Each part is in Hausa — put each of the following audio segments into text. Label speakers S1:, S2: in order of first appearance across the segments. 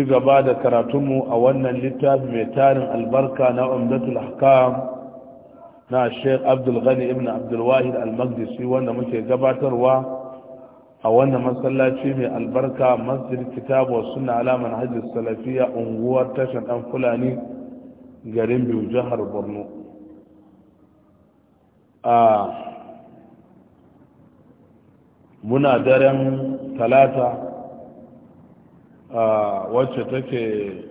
S1: ci gaba da karatunmu a wannan littafi mai tarin albarka na umdatul hakam na sheikh abdul ghani ibn abdul wahid al-maqdisi wanda muke gabatarwa a wannan masallaci mai albarka masjid kitabu wa sunna alaman hajji salafiya unguwar tashar dan fulani garin biyu jihar borno a muna daren talata wacce take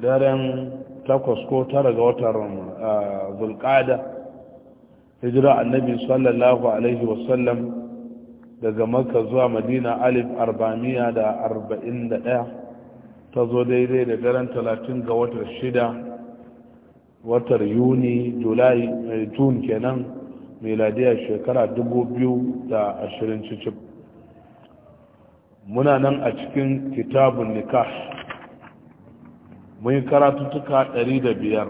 S1: daren takwas ko tara ga watan zulkada hijira annabi sallallahu alaihi wasallam daga makka zuwa madina alif arba'amiya da arba'in da ɗaya ta zo daidai da daren talatin ga watar shida watan yuni julai eh, jun kenan miladiyar shekara dubu biyu da ashirin cicip muna nan a cikin kitabun nikah mun yi karatuttuka biyar.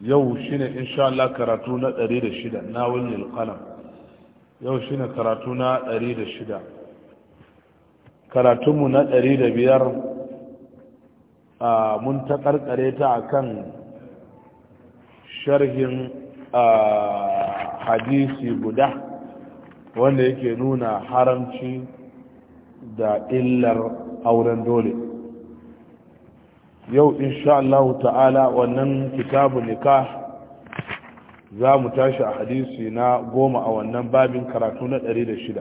S1: yau shine insha Allah karatu na shida na wulil qalam yau shine karatu na shida. karatunmu na biyar mun ta karkare ta akan sharhin hadisi guda wanda yake nuna haramci da illar auren dole yau insha Allah ta'ala wannan kitabu nikah za mu tashi a hadisi na goma a wannan babin karatu na 106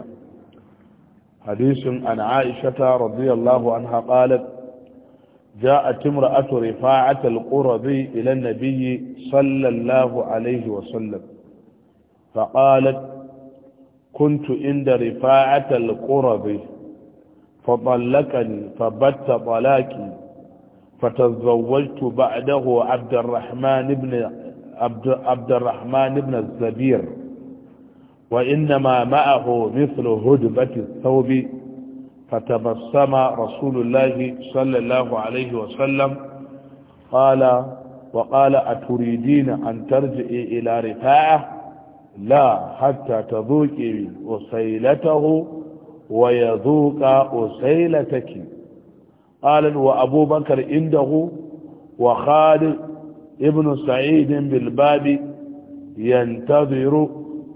S1: hadisin an aishata radiyallahu anha qalat جاءت امرأة رفاعة القرظي إلى النبي صلى الله عليه وسلم فقالت كنت عند رفاعة القرب فطلقني فبت طلاقي فتزوجت بعده عبد الرحمن بن عبد, عبد الرحمن بن الزبير وإنما معه مثل هدبة الثوب فتبسم رسول الله صلى الله عليه وسلم قال وقال أتريدين أن ترجعي إلى رفاعه لا حتى تذوقي وسيلته ويذوق وسيلتك قال وأبو بكر عنده وخالد ابن سعيد بالباب ينتظر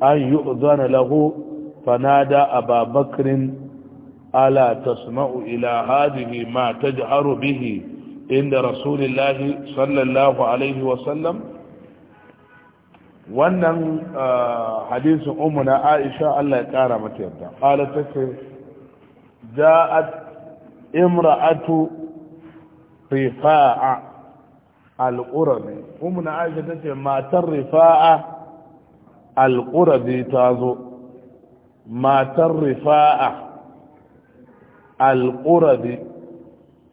S1: أن يؤذن له فنادى أبا بكر ألا تسمع إلى هذه ما تجهر به عند رسول الله صلى الله عليه وسلم wannan uh, hadisin ummu na aisha Allah ya kara mata yadda qala tace ja'at imra'atu rifa'a al-qurabi ummu na aisha ta ce matar rifa'a al ta zo, matar rifa'a al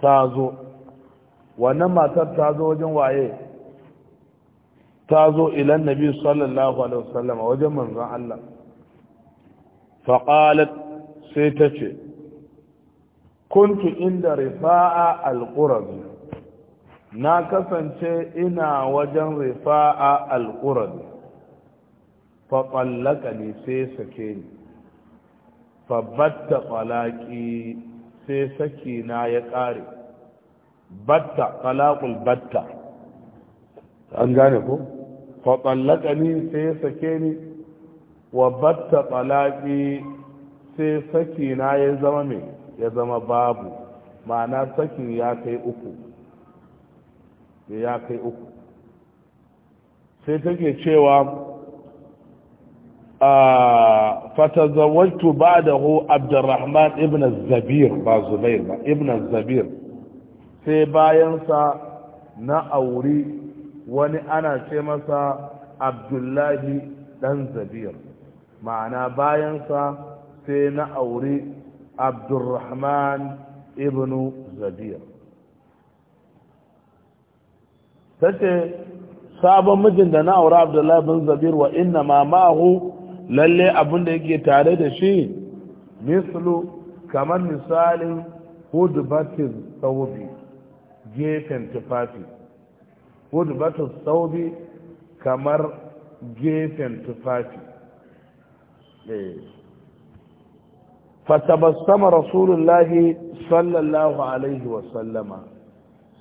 S1: ta zo. wannan matar ta zo wajen waye ta zo ilan nabi sallallahu alaihi wasallam wajen manzon Allah faqalat sai ta ce kuntu inda rifa'a alqurab na kasance ina wajen rifa'a alqurab fa qallaka ni sai sake ni fa batta qalaqi sai saki na ya kare batta qalaqul batta an gane ko fa tsallakani sai ya sake ni wa batta talaki sai saki na ya zama mai ya zama babu ma'ana sakin ya kai uku ya kai uku sai take cewa ba da hu abdurrahman Ibn Zabir ba زبير ba Ibn Zabir sai bayansa na auri wani ana ce masa abdullahi dan zabir ma'ana bayan sa sai na auri abdurrahman ibnu zabir ta sabon mijin da na aure abdullahi bin zabir wa inna ma ma'ahu lalle abin da yake tare da shi mislu kamar misalin hudu batin gefen tufafi hudbatu saubi kamar gefen tufafi eh. fatabassama rasulullahi sallallahu alaihi wasallama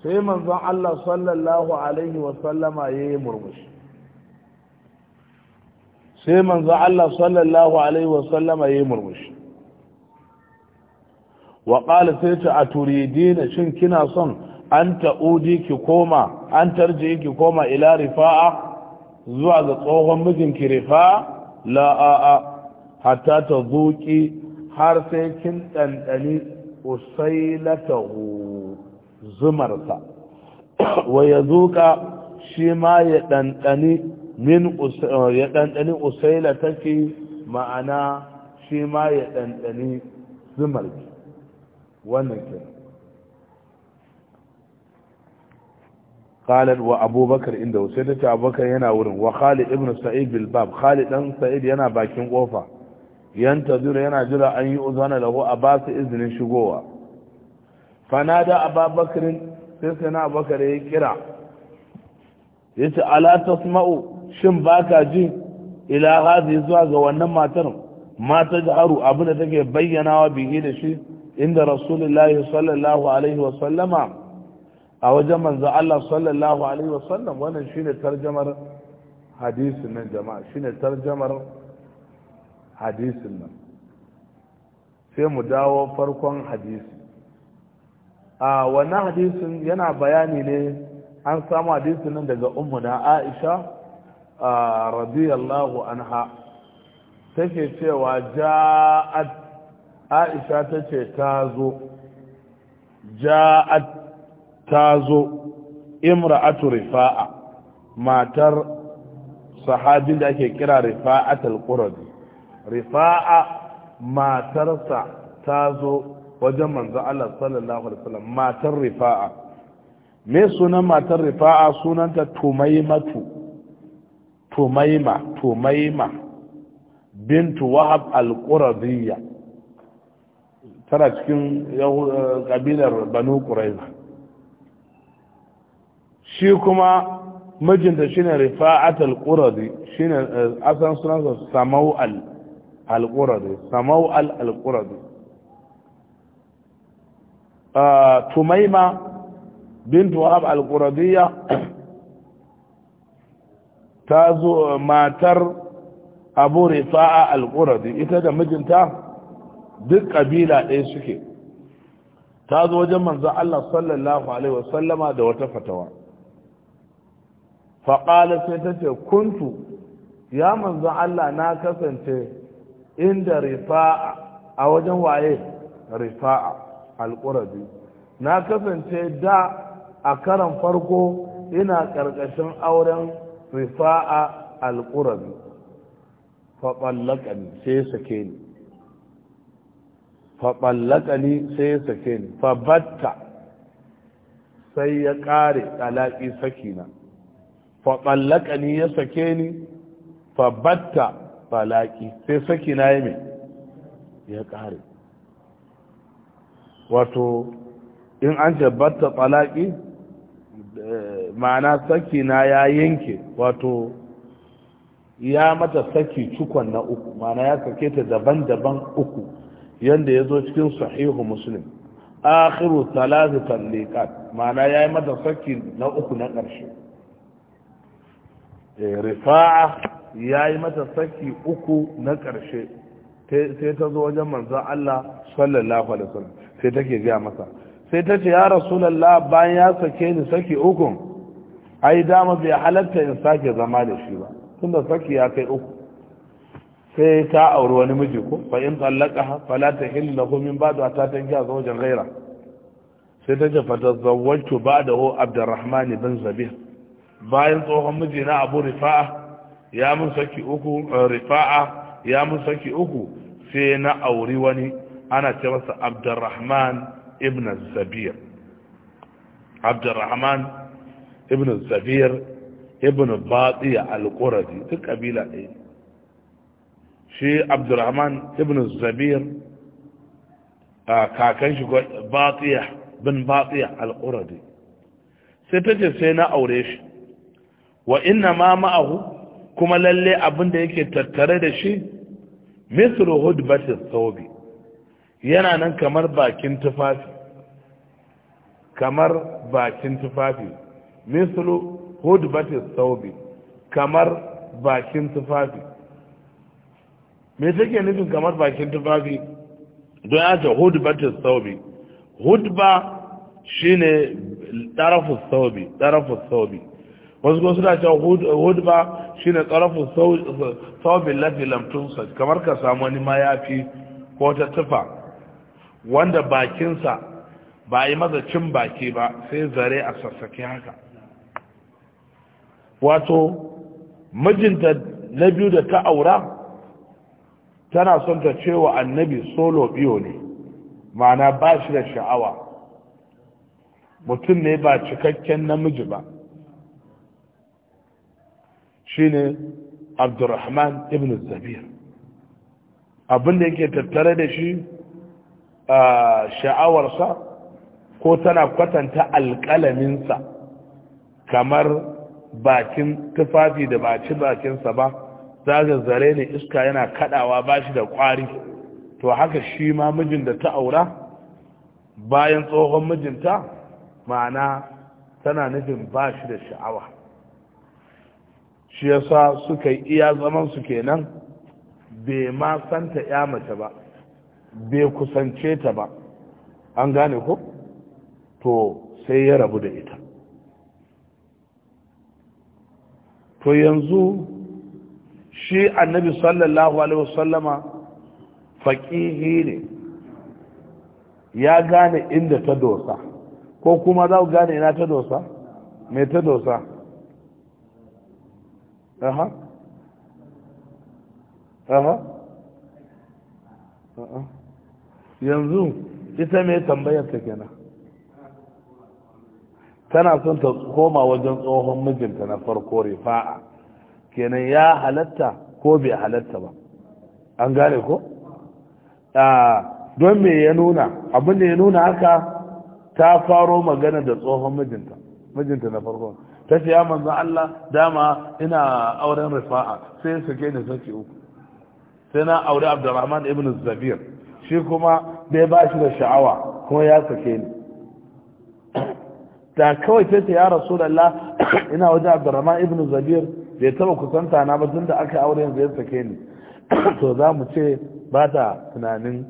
S1: sai manzon Allah sallallahu alaihi wasallama ya yi murmushi sai manzon Allah sallallahu alaihi wasallama ya yi murmushi wa ƙala sai ta a turidina shin kina son an ta'udi ki koma an tarje ki koma ila rifa'a zuwa ga tsohon mijinki rifa'a la a'a hatta ta zuki har sai kin ɗanɗani usailatahu zumarsa wa ya zuka shi ma ya dandani min ya ɗanɗani usailataki ma'ana shi ma ya dandani zumarki wannan kenan qalat wa abubakar inda sai abubakar yana wurin wa khalid ibn sa'id bil khalid dan sa'id yana bakin kofa yantazir yana jira an yi uzana lahu a ba izinin shigowa fanada abubakar sai sai na abubakar ya kira yace ala tasma'u shin baka jin ila hadhi zuwa ga wannan matar da tajharu abin da take bayyanawa biki da shi inda rasulullahi sallallahu alaihi wa sallama a wajen manzo Allah sallallahu alaihi wasallam wannan shine tarjamar hadisin nan jama'a shine tarjamar hadisin nan sai mu dawo farkon hadisi a wannan hadisin yana bayani ne an samu hadisin nan daga ummuna Aisha radiyallahu anha take cewa ja'at Aisha tace ta zo ja'at ta zo imra'atu rifa'a matar sahabin da ake kira rifa'atul qurabi rifa'a matarsa ta zo wajen manzo Allah sallallahu alaihi wasallam matar rifa'a me sunan matar rifa'a sunanta tumaimatu tumaima tumaima bintu wahab al-qurabiyya tara cikin eh, kabilar banu quraiza shi kuma mijinta shine rifa'at eh, al-quradi shine asan sunansa samawal al-quradi samawal ah, al-quradi tumaima bint wahab al-quradiyya ta zo eh, matar abu rifa'a al-quradi ita da mijinta duk kabila ɗaya suke ta zo wajen manzon Allah sallallahu alaihi wasallama da wata fatawa faƙala sai ta ce kuntu ya manzon Allah na kasance inda rifa'a a wajen waye rifa'a alƙurabi na kasance da a karan farko ina ƙarƙashin auren rifa'a alƙurabi faɓallaƙani sai sake ni faɓallaƙani sai sake ni faɓatta sai ya ƙare ɗalaƙi sakina faɓallaka ni ya sake ni faɓatta falaki sai saki na yi mai ya ƙare wato in an jabbatta falaki eh, ma'ana saki na ya yanke wato ya mata saki cikon na uku ma'ana ya sake ta daban-daban uku yadda ya zo cikin sahihu musulun akhiru talatu talliqat ma'ana ya yi mata saki na uku na ƙarshe Eh, rifa'a ya yi mata saki uku na ƙarshe sai ta zo wajen manzan Allah sallallahu alaihi wasallam sai take gaya masa sai ta ce ya rasulullah bayan ya sake ni saki uku ai dama bai halatta in sake zama da shi ba tunda saki ya kai uku sai ta auri wani miji ko fa in tallaqaha fala tahillu lahu min ba'du ta tankiha zawjan ghayra sai ta ce fa tazawwajtu ba'dahu abdurrahman bin zabih bayan tsohon miji na abu rifa'a ya mun saki uku eh, rifa'a ya mun saki uku sai na auri wani ana ce masa abdurrahman ibn zabir abdurrahman ibn zabir ibn batiya al-quradi duk kabila ɗaya shi abdurrahman ibn zabir kakan shi batiya bin batiya al-quradi sai ta ce sai na aure shi wa inna ma ma'ahu kuma lalle abin da yake tattare da shi misru hudbati thawbi yana nan kamar bakin tufafi kamar bakin tufafi misru hudbati thawbi kamar bakin tufafi me take nufin kamar bakin tufafi don ya ce hudbatin saubi hudba shi ne ɗarafin saubi ɗarafin saubi wasu kuma suna cewa hudba shi ne tsarafin saubin lafi lamtunsa kamar ka samu wani mayafi ko ta tufa wanda bakinsa ba yi maza cin baki ba sai zare a sassake haka wato mijinta na biyu da ta aura tana son ta cewa annabi solo biyo ne ma'ana ba shi da sha'awa mutum ne ba cikakken namiji ba shine abdurrahman ibn zabir abinda yake tattare da shi a sha'awarsa ko tana kwatanta alƙalaminsa kamar bakin tufafi da baci bakinsa ba zaga zare ne iska yana kadawa bashi da kwari to haka shi ma mijin da ta aura bayan tsohon mijinta ma'ana tana nufin ba shi da sha'awa shi yasa suka yi iya zaman su kenan bai ma santa ya mace ba bai kusance ta ba an gane ko to sai ya rabu da ita to yanzu shi annabi sallallahu alaihi wasallama faƙihi ne ya gane inda ta dosa ko kuma za gane ina ta dosa mai ta dosa aha aha yanzu ita mai tambayar ta kenan tana son ta koma wajen tsohon mijinta na farko rifa'a kenan ya halatta ko bai halatta ba an gane ko? don me ya nuna abin da ya nuna haka ta faro magana da tsohon mijinta mijinta na farko ta ce ya manzan Allah dama ina auren rifa'a sai ke ne sake uku sai na aure abdurrahman ibn zabir shi kuma bai ba shi da sha'awa kuma ya sake ni ta kawai ta ce ya rasulallah ina wajen abdurrahman ibn zabir bai taba kusanta na ba tun da aka aure yanzu ya sake ni to za mu ce ba ta tunanin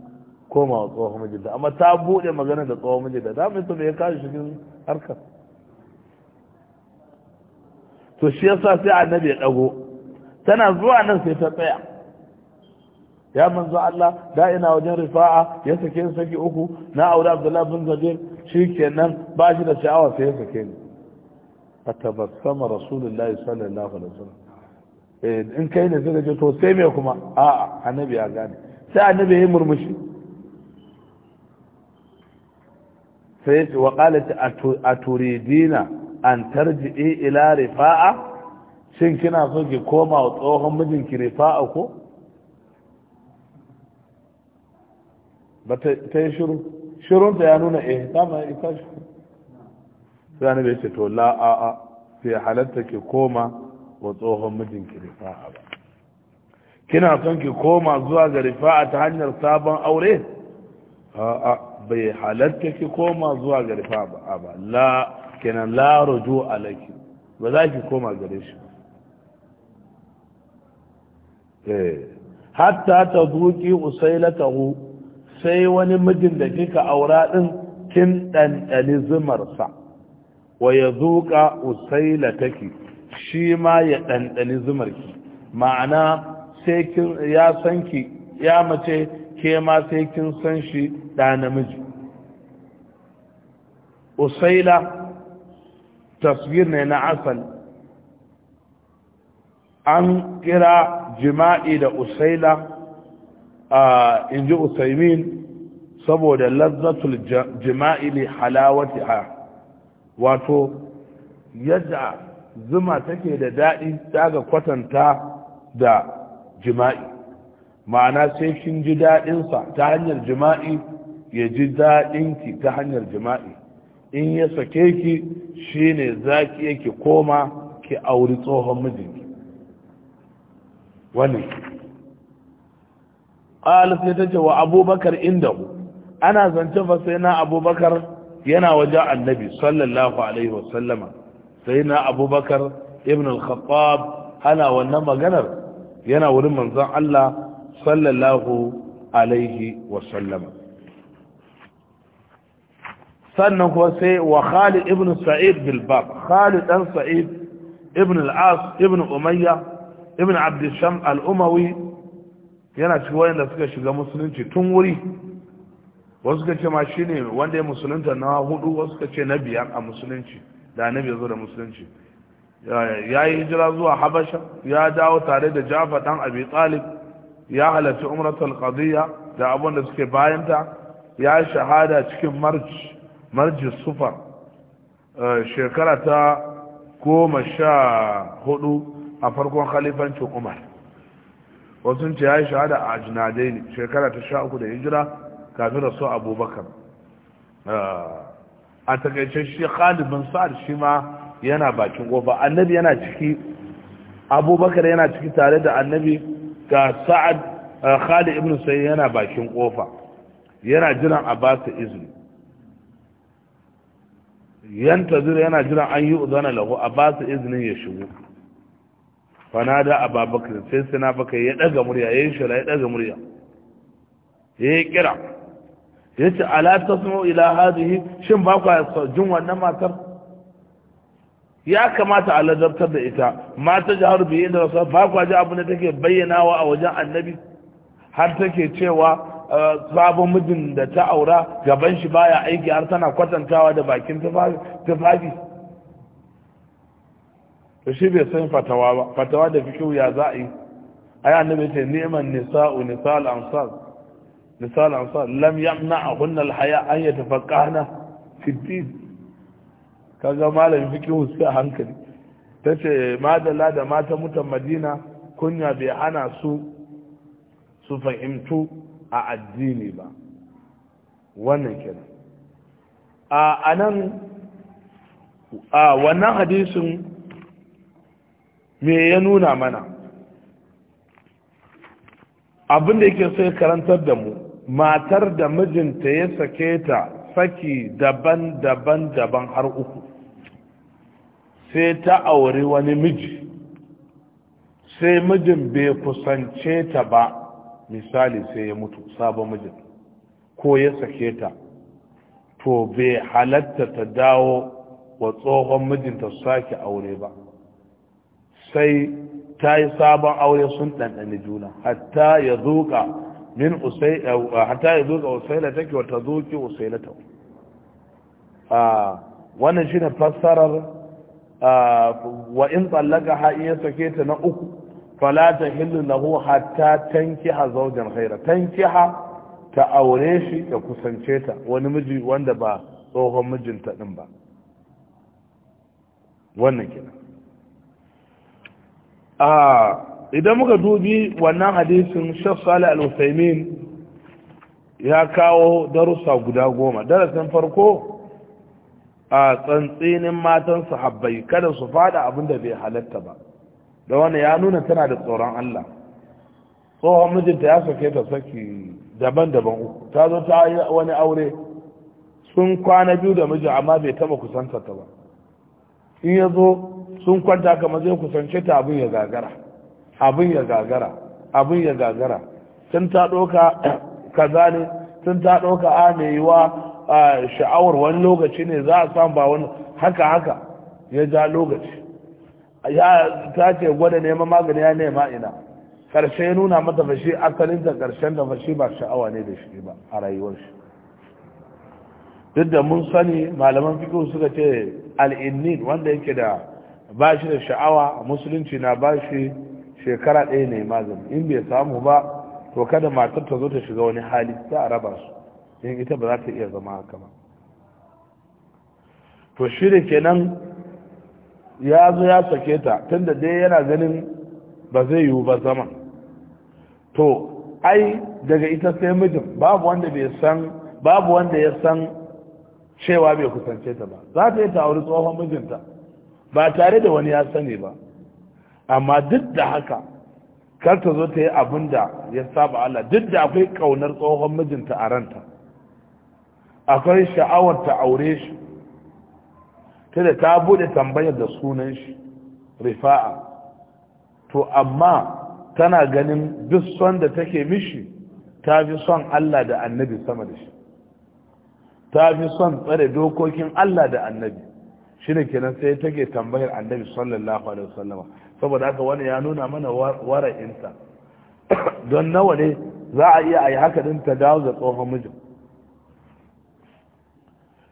S1: komawa tsohon mijinta amma ta buɗe magana da tsohon mijinta za mu so da ya kawo shigin harkar to shi yasa sai annabi ya dago tana zuwa nan sai ta tsaya ya manzo Allah da ina wajen rifa'a ya sake ni saki uku na aure Abdullahi bin Zubair shikenan ba shi da sha'awa sai ya sake ni fatabassama rasulullahi sallallahu alaihi wasallam eh, in kai ne suka ce to sai me kuma a'a annabi ya gane sai annabi ya yi murmushi sai ce wa qalat aturidina an tarji'i ila rifa'a shin kina so ki koma wa tsohon mijinki rifa'a ko ba ta yi shiru ta ya nuna eh yi ta shi sai ne bai ce to la a a sai halatta ki koma wa tsohon mijinki rifa'a ba kina son ki koma zuwa ga rifa'a ta hanyar sabon aure a a bai halatta ki koma zuwa ga rifa'a ba la kenan la ruju alaki ba za ki koma gare shi eh. hatta ta duki hu, sai wani mijin da kika aura din kin ɗanɗani zumarsa wa ya zuƙa ki shi ma ya ɗanɗani ki? ma'ana sai kin ya san ki ya mace ke ma sai kin san shi da namiji usaila taswir ne na asal an kira jima'i da usaila a inji usaimin saboda lazzatul jima'i li halawatiha wato yadda zuma take da daɗi daga kwatanta da jima'i ma'ana sai kin ji daɗinsa ta hanyar jima'i ya ji daɗinki ta hanyar jima'i in ya sake ki shine zaki yake koma ki auri tsohon mijinki Wani qalat sai ce wa abubakar ku ana zance fa sai na abubakar yana wajen annabi sallallahu alaihi wasallama sai na abubakar ibn al-khattab ana wannan maganar yana wurin manzon Allah sallallahu alaihi wasallama sannan kuma sai wa khalid ibn sa'id bilbab khalid dan sa'id ibn al-as ibn umayya ibn abdisham al-umawi yana cikin wayanda suka shiga musulunci tun wuri wasu suka ce ma shine wanda ya musulunta na hudu wasu suka ce na biyar a musulunci da annabi ya zo da musulunci ya yi hijira zuwa habasha ya dawo tare da jafa dan abi talib ya halarci umratul qadiyya da abin da suke bayanta ya shahada cikin march marji sufar eh, shekara ta goma sha hudu a farkon khalifancin umar wasu ce ya yi shahada a jinadai ne shekara ta sha uku da hijira kafin rasu abubakar eh, a takaice shi khalibin sa'ad shi ma yana bakin kofa annabi yana ciki abubakar yana ciki tare da annabi ga sa'ad eh, khalid ibn sayyid yana bakin kofa yana jiran a ba izini zira yana jiran an yi uzana lahu a ba su izinin ya shigo da ababakar sai na baka ya daga murya ya yi shara ya daga murya ya yi kira ya ce ala suna ila hadihi shin ba kwa jin wannan matar ya kamata a ladabtar da ita mata jihar biyu da rasuwa ba kwa ji abu da take bayyana wa a wajen annabi har take cewa sabon mijin da ta aura gaban shi baya aiki har tana kwatantawa da bakin tufafi to shi bai san fatawa ba fatawa da fi ya za a yi ai annabi ce neman nisa'u nisal ansar nisal ansar lam hunnal haya an yatafaqqahna fi din kaga malamin kyau sai a hankali Ta ce madala da mata mutan madina kunya bai hana su su fahimtu a addini ba wannan kenan a anan a wannan hadisin me ya nuna mana abin da yake sai karantar da mu matar da mijinta ya sake ta saki daban-daban daban har uku sai ta auri wani miji sai mijin bai kusance ta ba misali sai ya mutu sabon mijin ko ya sake ta to bai halatta ta dawo wa tsohon mijinta su sake aure ba sai ta yi sabon aure sun ɗanɗani juna hatta ya zuka min usai eh, hatta ya zuka usaila take wata zuki usaila ta ah, wannan shine fassarar ah, wa in tsallaka ha iya sake ta na uku fala ta hillu hu hatta tanki ha tankiha haira. Tanki ha ta aure shi ta kusance ta wani miji wanda ba tsohon mijinta din ba wannan kenan idan muka dubi wannan hadisin Sheikh Salih Al-Uthaymeen ya kawo darussa guda goma darasin farko a tsantsinin matan sahabbai kada su fada abinda bai halatta ba da wani ya nuna tana da tsoron Allah tsohon mijinta ya sake ta saki daban-daban uku ta zo ta yi wani aure sun kwana biyu da mijin amma bai taba kusanta ta ba in ya zo sun kwanta kama zai kusance ta abin ya gagara abin ya gagara abin ya gagara sun ta ɗoka kaza ne sun ta ɗoka a mai yiwa sha'awar wani lokaci ne za a samu ba wani haka haka ya ja lokaci ya ta ce gwada neman magani ya nema ina ya nuna mata fashi asalin da karshen da fashi ba sha'awa ne da shi ba a rayuwar shi duk da mun sani malaman fikin suka ce al'innin wanda yake da ba shi da sha'awa a musulunci na ba shi shekara ɗaya ne magani in bai samu ba to kada matar ta zo ta shiga wani hali za a raba su in ita ba za ta iya zama haka ba to shi da kenan ya zo ya sake ta tunda dai yana ganin ba zai yiwu ba zaman to ai daga ita sai mijin babu wanda bai san babu wanda ya san cewa bai kusance ta ba za ta yi ta auri tsohon mijinta ba tare da wani ya sani ba amma duk da haka kar ta zo ta yi abin da ya saba Allah duk da akwai kaunar tsohon mijinta a ranta akwai sha'awar ta aure shi tada ta bude tambayar da sunan shi rifa'a to amma tana ganin duk son da take mishi ta fi son Allah da annabi sama da shi ta fi son tsare dokokin Allah da annabi shi ne kenan sai take tambayar annabi sallallahu alaihi wasallama saboda haka wani ya nuna mana wara'inta don nawa ne za a iya a yi haka din ta dawo da tsohon mijin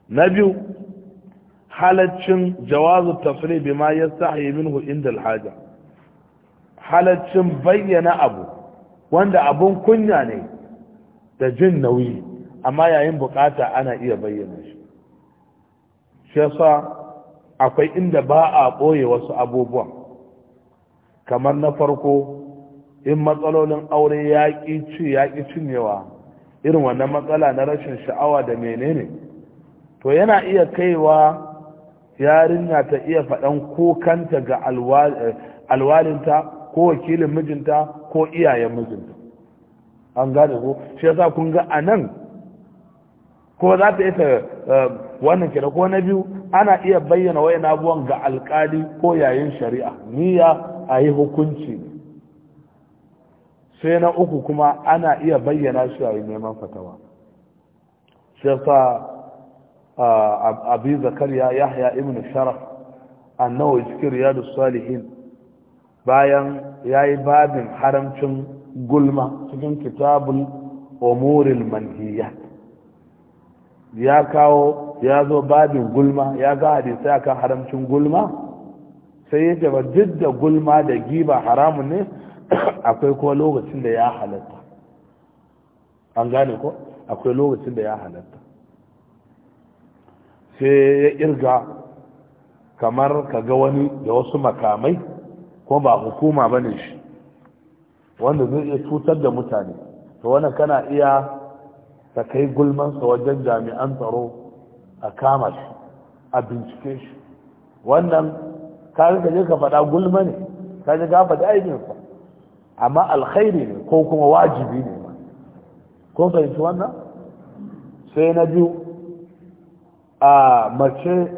S1: na biyu halaccin jawazu tafri bi ma yastahi minhu inda alhaja halaccin bayyana abu wanda abun kunya ne da jin nauyi amma yayin bukata ana iya bayyana shi shi yasa akwai inda ba a ɓoye wasu abubuwan kamar na farko in matsalolin aure ya ƙi ci ya ƙi cinyewa irin wannan matsala na rashin sha'awa da menene to yana iya kaiwa yarinya ta iya faɗan kokanta ga eh, alwalinta ko wakilin mijinta ko iyayen mijinta an gane ko shi yasa kun ga a nan ko za ta ita eh, wannan kira ko na biyu ana iya bayyana wayan abuwan ga alkali ko yayin shari'a niyya a yi hukunci sai na uku kuma ana iya bayyana shi yayin neman fatawa shi yasa abi zakariya yahya ibn sharaf annahu cikin riyadus salihin bayan yayi babin haramcin gulma cikin kitabul umuril manhiyat ya kawo ya zo babin gulma ya ga hadisai akan haramcin gulma sai ya jaba duk da gulma da giba haramun ne akwai kuma lokacin da ya halatta an gane ko akwai lokacin da ya halatta sai ya irga kamar ka ga wani da wasu makamai ko ba hukuma ba ne shi wanda zai iya cutar da mutane to wannan kana iya ta kai gulmansa wajen jami'an tsaro a kama shi a bincike shi wannan kaga ka je ka faɗa gulma ne ka ga ka faɗi aikinsa amma alkhairi ne ko kuma wajibi ne ko fahimci wannan sai na biyu a mace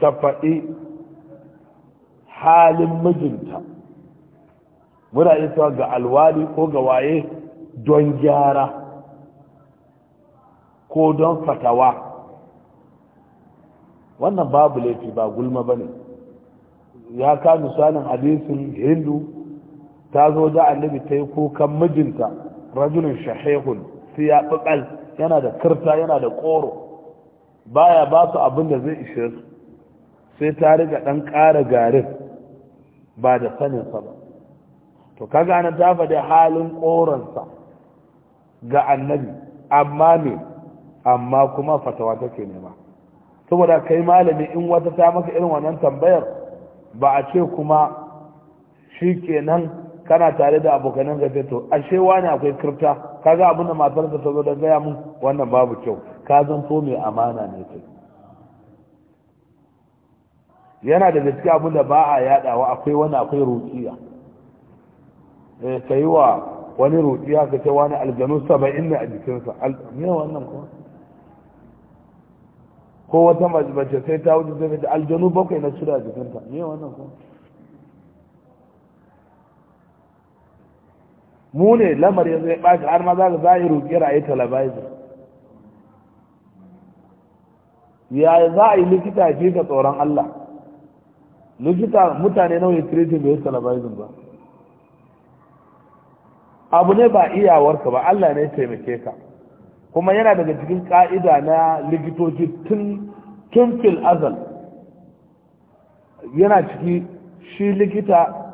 S1: ta faɗi halin mijinta muna isa ga alwali ko ga waye don gyara ko don fatawa wannan babu laifi ba gulma ba ne ya ka misalin hadisin hindu ta zo da annabi ta yi kukan mijinta rajulun shahihun siya ɓiɓal yana da kirta yana da ƙoro baya ba su abin da zai ishe su sai ta riga dan ƙara garin ba da saninsa ba to kaga ana ta faɗi halin ƙoransa ga annabi amma ne, amma kuma fatawa take nema saboda kai malami in wata ta maka irin wannan tambayar ba a ce kuma shi kenan kana tare da abokanan gafe to ashe wani akwai kirta kaga abin da matar ta zo da gaya mun wannan babu kyau ka zanto mai amana ne kai yana da gaske abin da ba a yadawa akwai wani akwai rukiya eh yi wa wani rukiya ka ce wani aljanu saba'in ne a jikinsa ne wannan ko ko wata mace sai ta wuce sai ta aljanu bakwai na shida a jikinta ne wannan ko mu ne lamar ya zai ɓaci har ma za ka zahiru kira yi rukiyar a yi talabizin ya za a yi likita fi ka tsoron Allah likita mutane nawa ya treating bai salabizin ba abu ne ba iyawarka ba Allah ne taimake ka kuma yana daga cikin ka'ida na likitoci tun tun azal yana ciki shi likita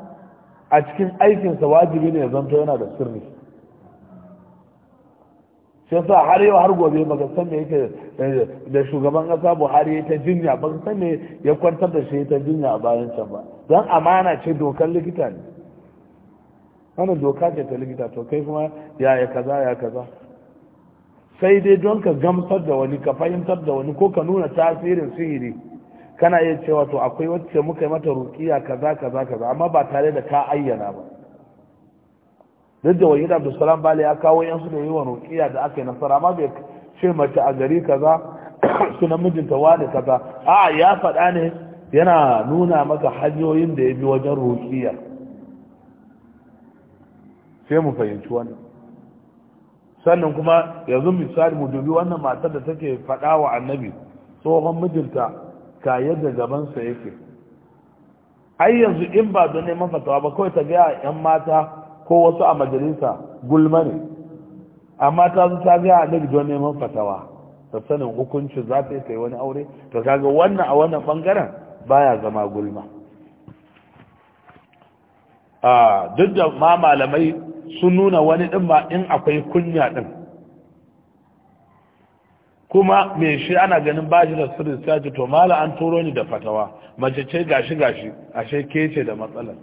S1: a cikin aikinsa wajibi ne ya zanto yana da sirri sai sa har yau har gobe ba ka san me yake eh, da shugaban kasa buhari ya ta jinya ba ka san me ya kwantar da shi ta jinya a bayan can ba don amana ce dokar likita ne wani doka ce ta likita to kai kuma ya ya kaza ya kaza sai dai don ka gamsar da wani ka fahimtar da wani ko ka nuna tasirin sihiri kana iya cewa to akwai wacce muka yi mata rukiya kaza kaza kaza amma ba tare da ka ayyana ba duk da abdulsalam bale ya kawo yan da yi wa da aka yi nasara ma bai ce mace a gari kaza sunan mijinta wani kaza a ya faɗa ne yana nuna maka hanyoyin da ya bi wajen rukiya sai mu fahimci wani sannan kuma yanzu misali mu dubi wannan matar da take faɗa wa annabi tsohon mijinta ka yadda gabansa yake ai yanzu in ba don neman fatawa ba kawai ta gaya 'yan mata ko wasu a majalisa gulma ne amma ta zo ta ga annabi don neman fatawa ta sanin hukuncin za ta yi kai wani aure to kaga wannan a wannan bangaren baya zama gulma a duk da ma malamai sun nuna wani din ma in akwai kunya din kuma me shi ana ganin bashi da sirri sai to mala an turo ni da fatawa mace ce gashi gashi ashe ke ce da matsalar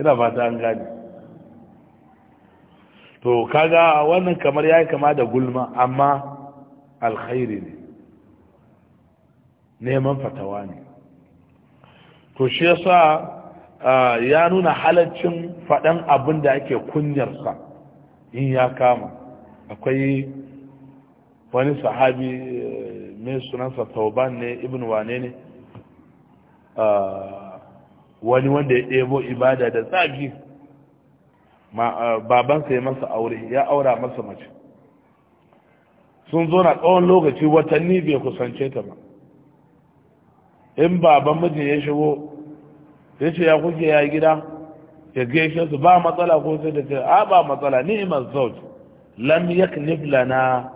S1: ina ta an gane to kaga wannan kamar yayi kama da gulma amma alkhairi ne neman fatawa ne to shi yasa ya nuna halaccin faɗan abin da ake kunyarsa in ya kama akwai wani sahabi eh, mai sunansa tauban ne ibn wane ne wani wanda ya ɗebo ibada da tsafi babansa ya masa aure ya aura masa mace sun zo na tsawon lokaci watanni bai kusance ta ba in baban mijin ya shigo ya ce ya kuke ya gida ya gaishe su ba matsala ko sai da ce a ba matsala ni ni'imar zauj lam yaknif na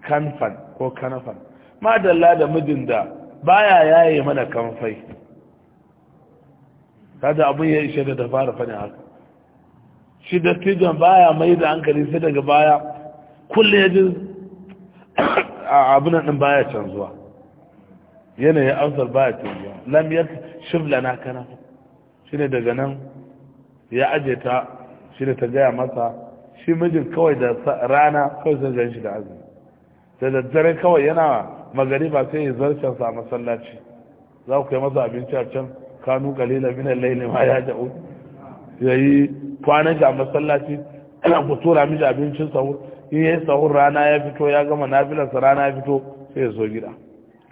S1: kanfan ko kanafan madalla da mijin da baya yaye mana kamfai kada abin ya ishe da fara fane haka shi dattijon baya mai da hankali sai daga baya kulle ya ji abinan ɗin baya canzuwa yanayin ansar baya canzuwa lam ya na kana shi ne daga nan ya aje ta shi ne ta gaya masa shi mijin kawai da rana kawai sun gan shi da azumi da daddare kawai yana ba sai ya zarcen sa masallaci za ku kai masa abinci a can kanu kalila minan laili ma ya ja'u ya yi kwanan a masallaci ku tura mishi abincin sahur in yayi sahur rana ya fito ya gama filarsa rana ya fito sai ya zo gida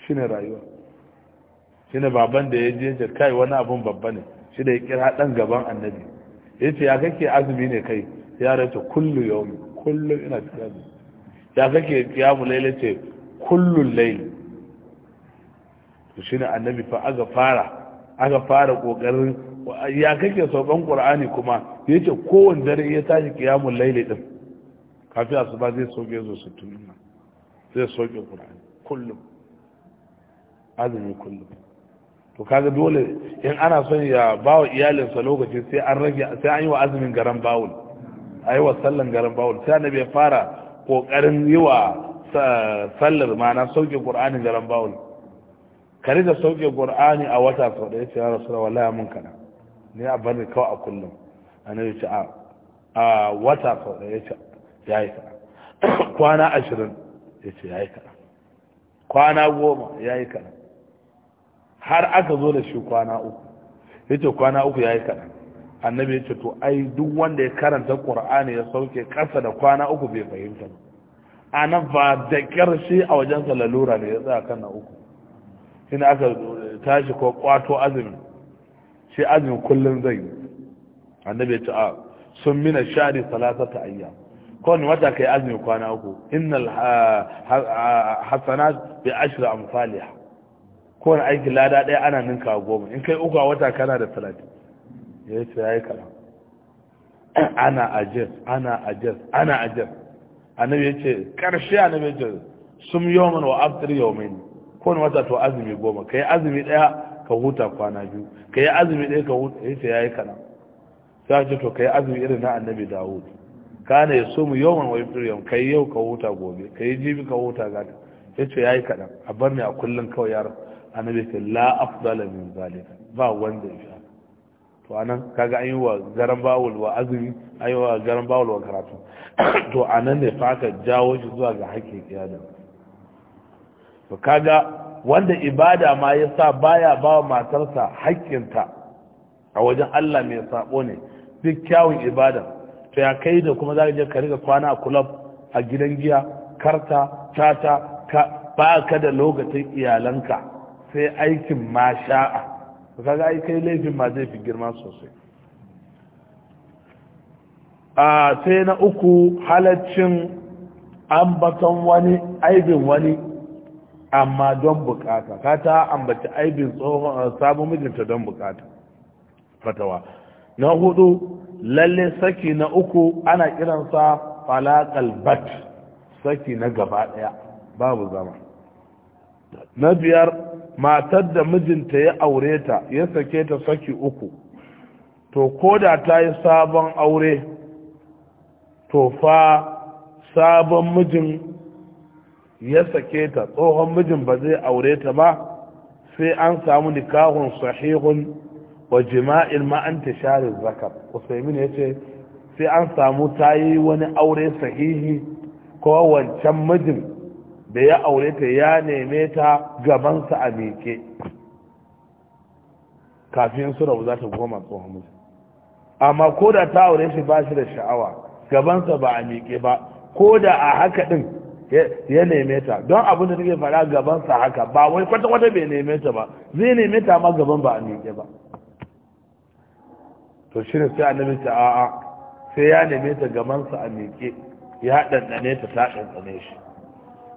S1: shine rayuwa shine baban da ya je jar kai wani abun babba ne shi da ya kira dan gaban annabi yace ya kake azumi ne kai ya race kullu yawmi kullu ina tsaya ya kake mu laila ce kullu laili to shine annabi fa aka fara aka fara kokarin ya kake saukan qur'ani kuma ya ce kowane dare ya tashi ƙiyamun laili din kafin asuba zai soke zo su tuna zai soke ƙur'ani kullum azumi kullum to kaga dole in ana son ya bawa iyalinsa lokaci sai an rage sai an yi wa azumin garan bawul a yi wa sallan garan bawul sai annabi ya fara kokarin yi wa sallar mana sauke qur'ani garan bawul kare da sauke qur'ani a wata sau da ce ya rasu da wallahi mun kana ne a bane kawai a kullum a na yi a wata sau da ya ce ya yi kaɗan kwana ashirin ya ce ya yi kaɗan kwana goma ya yi kaɗan har aka zo da shi kwana uku ya ce kwana uku ya yi kaɗan annabi ya ce to ai duk wanda ya karanta ƙur'ani ya sauke ƙasa da kwana uku bai fahimta ba a nan ba da ƙarshe a wajensa lalura ne ya tsaya kan na uku ina aka tashi ko kwato azumin shi azumin kullum zai yi annabi ta a ah, sun mina shari ta ayya kowane wata kai azumin kwana uku innal ah, ah, hasanat bi ashra amsalih kowane aiki lada ɗaya ana ninka goma in kai uku a wata kana da talatin ya ce ya yi ana ajiyar ana ajiyar ana ajiyar annabi ya ce karshe annabi ya ce sun yawon wa aftar yawon kowane wata to azumi goma kai azumi ɗaya ka huta kwana biyu ka yi azumi ɗaya ka huta sai ya yi kana ta ce to ka yi azumi irin na annabi dawud ka ya so mu yawan wa yafir yau ka yi yau ka huta gobe ka yi jibi ka huta gata ya ce ya yi kaɗan a bar ni a kullum kawai yaro annabi ce la afdala min zalika ba wanda ya sha To to anan kaga an yi wa garan bawul wa azumi an yi wa garan bawul wa karatu to anan ne fa aka jawo shi zuwa ga hakki yadda. kaga wanda ibada ma ya sa baya ba wa matarsa haƙƙinta a wajen Allah mai sabo ne duk kyawun ibada to ya kai da kuma za ka je ka riga kwana a kulab a gidan giya karta tata ka ba ka da lokacin iyalanka sai aikin ma sha'a ka ai kai laifin ma zai fi girma sosai a sai na uku halaccin ambaton wani aibin wani amma don bukata ka ta ambaci aibin tsohon eh, sabon mijinta don bukata fatawa na hudu lalle saki na uku ana kiransa falakal bat saki na gaba daya babu zama na biyar matar da mijinta ya aure ta ya sake ta saki uku to koda ta yi sabon aure to fa sabon mijin ya sake ta tsohon mijin ba zai aure ta ba sai an samu nikahun sahihun wa jima'in ta share zakar usaimin ya ce sai an samu ta yi wani aure sahihi ko wancan mijin da ya aure ta ya neme ta gabansa a miƙe kafin su rabu za ta goma tsohon mijin amma ko da ta aure shi ba shi da sha'awa gabansa ba a miƙe ba ko da a haka din. ya neme ta don abin da take fara gaban sa haka ba wai kwata kwata bai neme ta ba zai neme ta ma gaban ba a miƙe ba to shi ne sai annabi ta a'a sai ya neme ta gaban sa a miƙe ya dandane ta ta dandane shi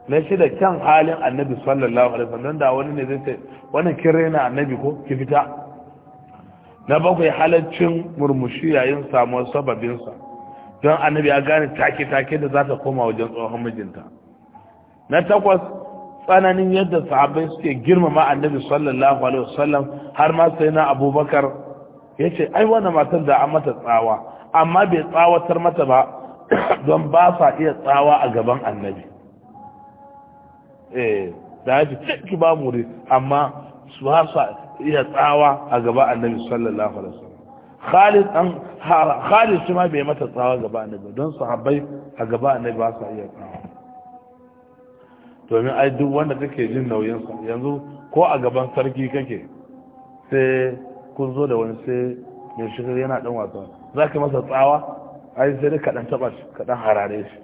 S1: na shi da kyan halin annabi sallallahu alaihi wasallam da wani ne zai ce wannan kin raina annabi ko ki fita na bakwai halaccin murmushi yayin samuwar sababinsa don annabi ya gane take-take da za ta koma wajen tsohon mijinta na takwas tsananin yadda sahabbai suke girmama annabi sallallahu alaihi wasallam har ma sai na abubakar ya ce ai wannan matar da an mata tsawa amma bai tsawatar mata ba don ba sa iya tsawa a gaban annabi eh da ya ce ki ba muri amma su ba sa iya tsawa a gaban annabi sallallahu alaihi wasallam Khalid an Khalid shi ma bai mata tsawa gaba annabi don sahabbai a gaba annabi ba sa iya tsawa domin ai duk wanda kake jin nauyin sa yanzu ko a gaban sarki kake sai kun zo da wani sai mai shiga yana dan wasa za ka masa tsawa ai sai da kaɗan taɓa shi kaɗan harare shi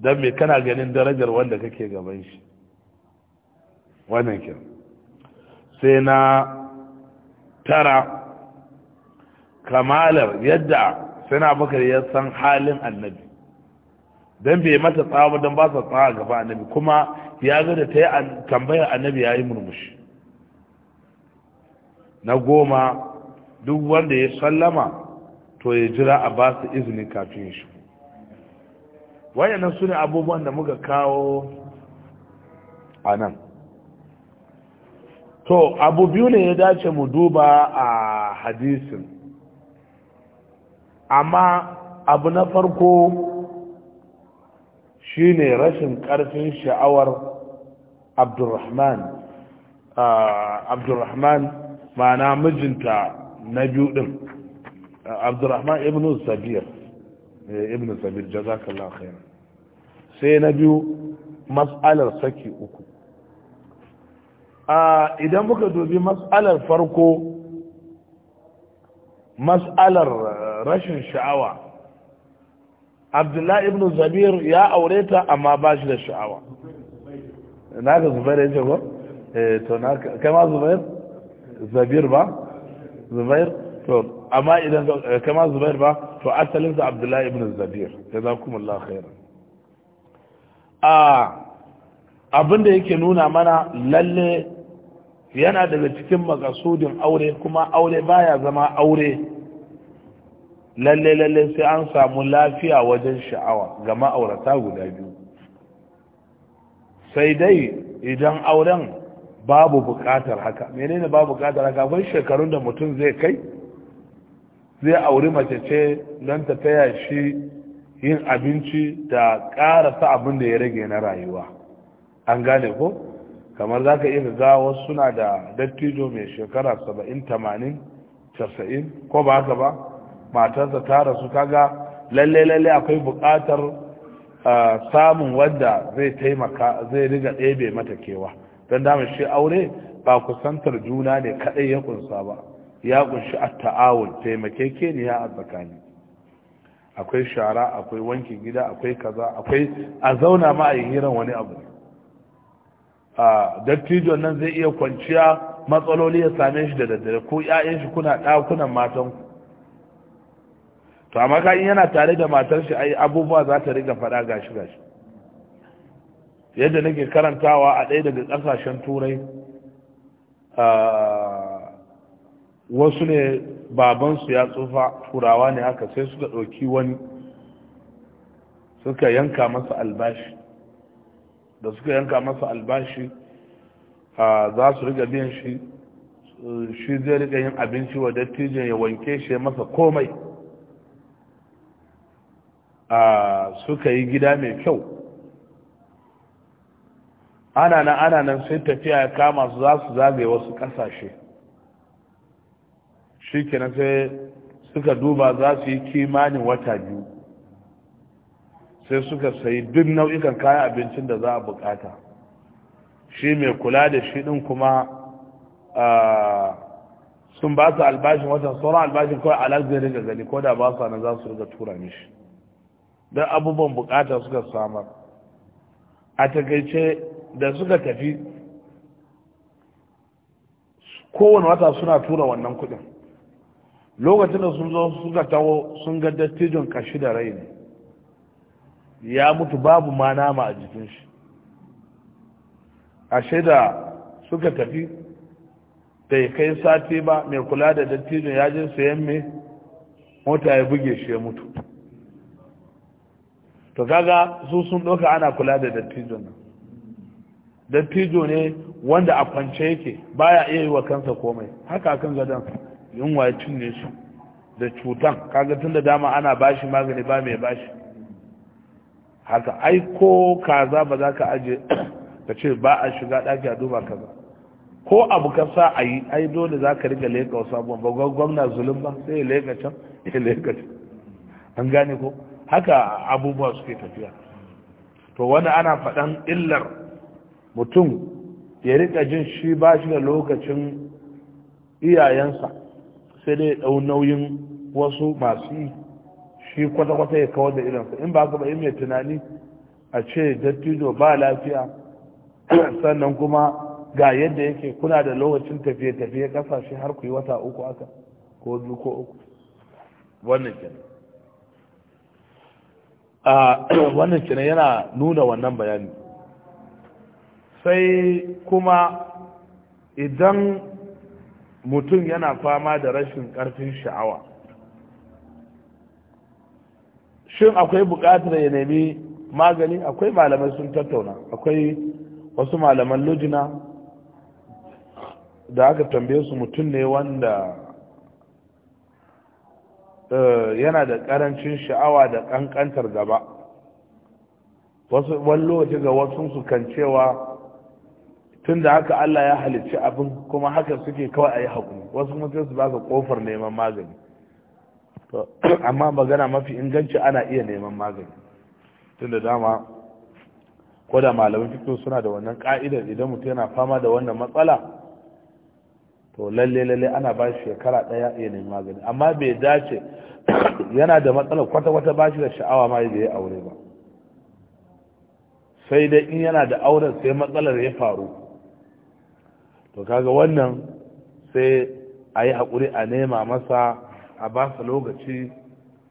S1: don me kana ganin darajar wanda kake gaban shi wannan ke sai na tara kamalar yadda sai na bakar ya san halin annabi dan bai mata tsawa ba dan ba sa tsawa gaba annabi kuma ya ga da ta yi tambayar annabi ya yi murmushi na goma duk wanda ya sallama to ya jira a ba su izini kafin shi wayannan su ne abubuwan da muka kawo a nan to abu biyu ne ya dace mu duba a hadisin amma abu na farko shine rashin karfin sha'awar abdurrahman abdurrahman ma'ana mijinta na biyu din abdurrahman ibn sabir eh, ibn sabir jazakallahu khair sai na biyu mas'alar saki uku idan muka dubi mas'alar farko mas'alar eh, rashin sha'awa abdullahi ibn zabir ya aure ta amma ba shi da sha'awa na ga zubair ya ce ko eh, to na kai ma zubair zabir ba zubair to amma idan eh, kai ma zubair ba to asalin sa abdullahi ibn zabir Allah khairan a abinda yake nuna mana lalle yana daga cikin makasudin aure kuma aure baya zama aure lalle lalle sai an samu lafiya wajen sha'awa ga ma'aurata guda biyu sai dai idan auren babu bukatar haka menene babu bukatar haka akwai shekarun da mutum zai kai zai auri mace ce don ta taya shi yin abinci da ƙarasa abin da ya rage na rayuwa an gane ko kamar za ka iya ga wasu suna da dattijo mai shekara 70 80 90 ko ba haka ba matarsa ta rasu kaga lalle lalle akwai buƙatar samun wanda zai taimaka zai riga ɗebe mata kewa don damar shi aure ba kusantar juna ne kaɗai ya kunsa ba ya kunshi a ta'awun ne a tsakani akwai shara akwai wanki gida akwai kaza akwai a zauna ma a yi hiran wani abu a dattijon nan zai iya kwanciya matsaloli ya same shi da daddare ko 'ya'yan shi kuna ɗakunan matan to amma ka in yana tare da matar shi ai abubuwa za ta riga faɗa gashi gashi yadda nake karantawa a ɗaya daga ƙasashen turai wasu ne babansu ya tsufa turawa ne haka sai suka ɗauki wani suka yanka masa albashi da suka yanka masa albashi za su riga biyan shi shi zai riga yin abinci wa dattijan ya wanke shi masa komai suka yi gida mai kyau ana nan ana nan sai tafiya ya kama su za su zagaye wasu ƙasashe shi kenan sai suka duba za su yi kimanin wata biyu sai suka sayi duk nau'ikan kayan abincin da za a bukata shi mai kula da shi ɗin kuma sun ba su albashin watan sauran albashin kawai alaƙa zai gani ko da ba su nan za su riga tura mishi da abubuwan bukata suka samar a takaice da suka tafi kowane wata suna tura wannan kudin lokacin da sun zo suka taho sun ga dattijin kashi da rai ne ya mutu babu ma nama a jikin shi ashe da suka tafi bai kai sati ba mai kula da dattijon ya je sayan mai mota ya buge shi ya mutu to kaga su sun ɗauka ana kula da dattijo nan dattijo ne wanda a kwance yake baya iya yi wa kansa komai haka kan gadon yunwa ya cinye su da cutan kaga tun da dama ana bashi magani ba mai bashi haka ai ko kaza ba za ka aje ka ce ba a shiga ɗaki a duba kaza ko abu ka sa a yi ai dole za ka riga leka wasu abubuwan ba gwamna zulum ba sai ya leka can ya leka can an gane ko haka abubuwa suke tafiya to wani ana faɗan illar mutum ya rika jin shi ba shi da lokacin iyayensa sai dai ɗau nauyin wasu masu yi shi kwata-kwata ya kawar da irinsa in ba ba in mai tunani a ce dattijo ba lafiya sannan kuma ga yadda yake kuna da lokacin tafiye-tafiye kasashe har ku yi wata uku aka ko biyu ko uku wannan kenan wannan kenan yana nuna wannan bayani sai kuma idan mutum yana fama da rashin karfin sha'awa shin akwai bukatar ya nemi magani akwai malamai sun tattauna akwai wasu malaman lujina da aka tambaye su mutum ne wanda Eh, yana da karancin sha'awa da kankantar gaba wasu wani lokaci ga wasu su kan cewa tun da haka Allah ya halicci abin kuma haka suke kawai a yi haƙuri wasu mutum su baka kofar neman magani amma magana mafi inganci ana iya neman magani tun da dama ko da malamin fito suna da wannan ka'idar idan mutum yana fama da wannan matsala to lalle lalle ana ba shi shekara daya ya nemi magani amma bai dace yana da matsalar kwata kwata ba shi da sha'awa ma da ya aure ba sai dai in yana da auren sai matsalar ya faru to kaga wannan sai a yi haƙuri a nema masa a ba su lokaci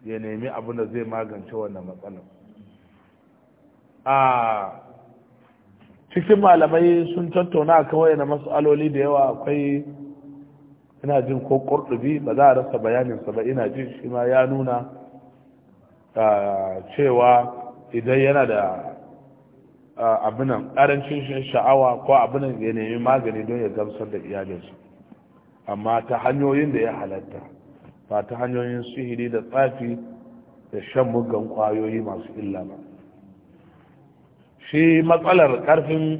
S1: ya nemi abin da zai magance wannan matsalar a cikin malamai sun tattauna kawai na matsaloli da yawa akwai ina jin ko kurɗubi ba za a rasa bayaninsa ba ina jin shi ma ya nuna cewa idan yana da abinan ƙarancin sha'awa ko abinan ya nemi magani don ya gamsar da iyalinsu amma ta hanyoyin da ya halatta ba ta hanyoyin sihiri da tsafi da shan muggan kwayoyi masu illa ba shi matsalar karfin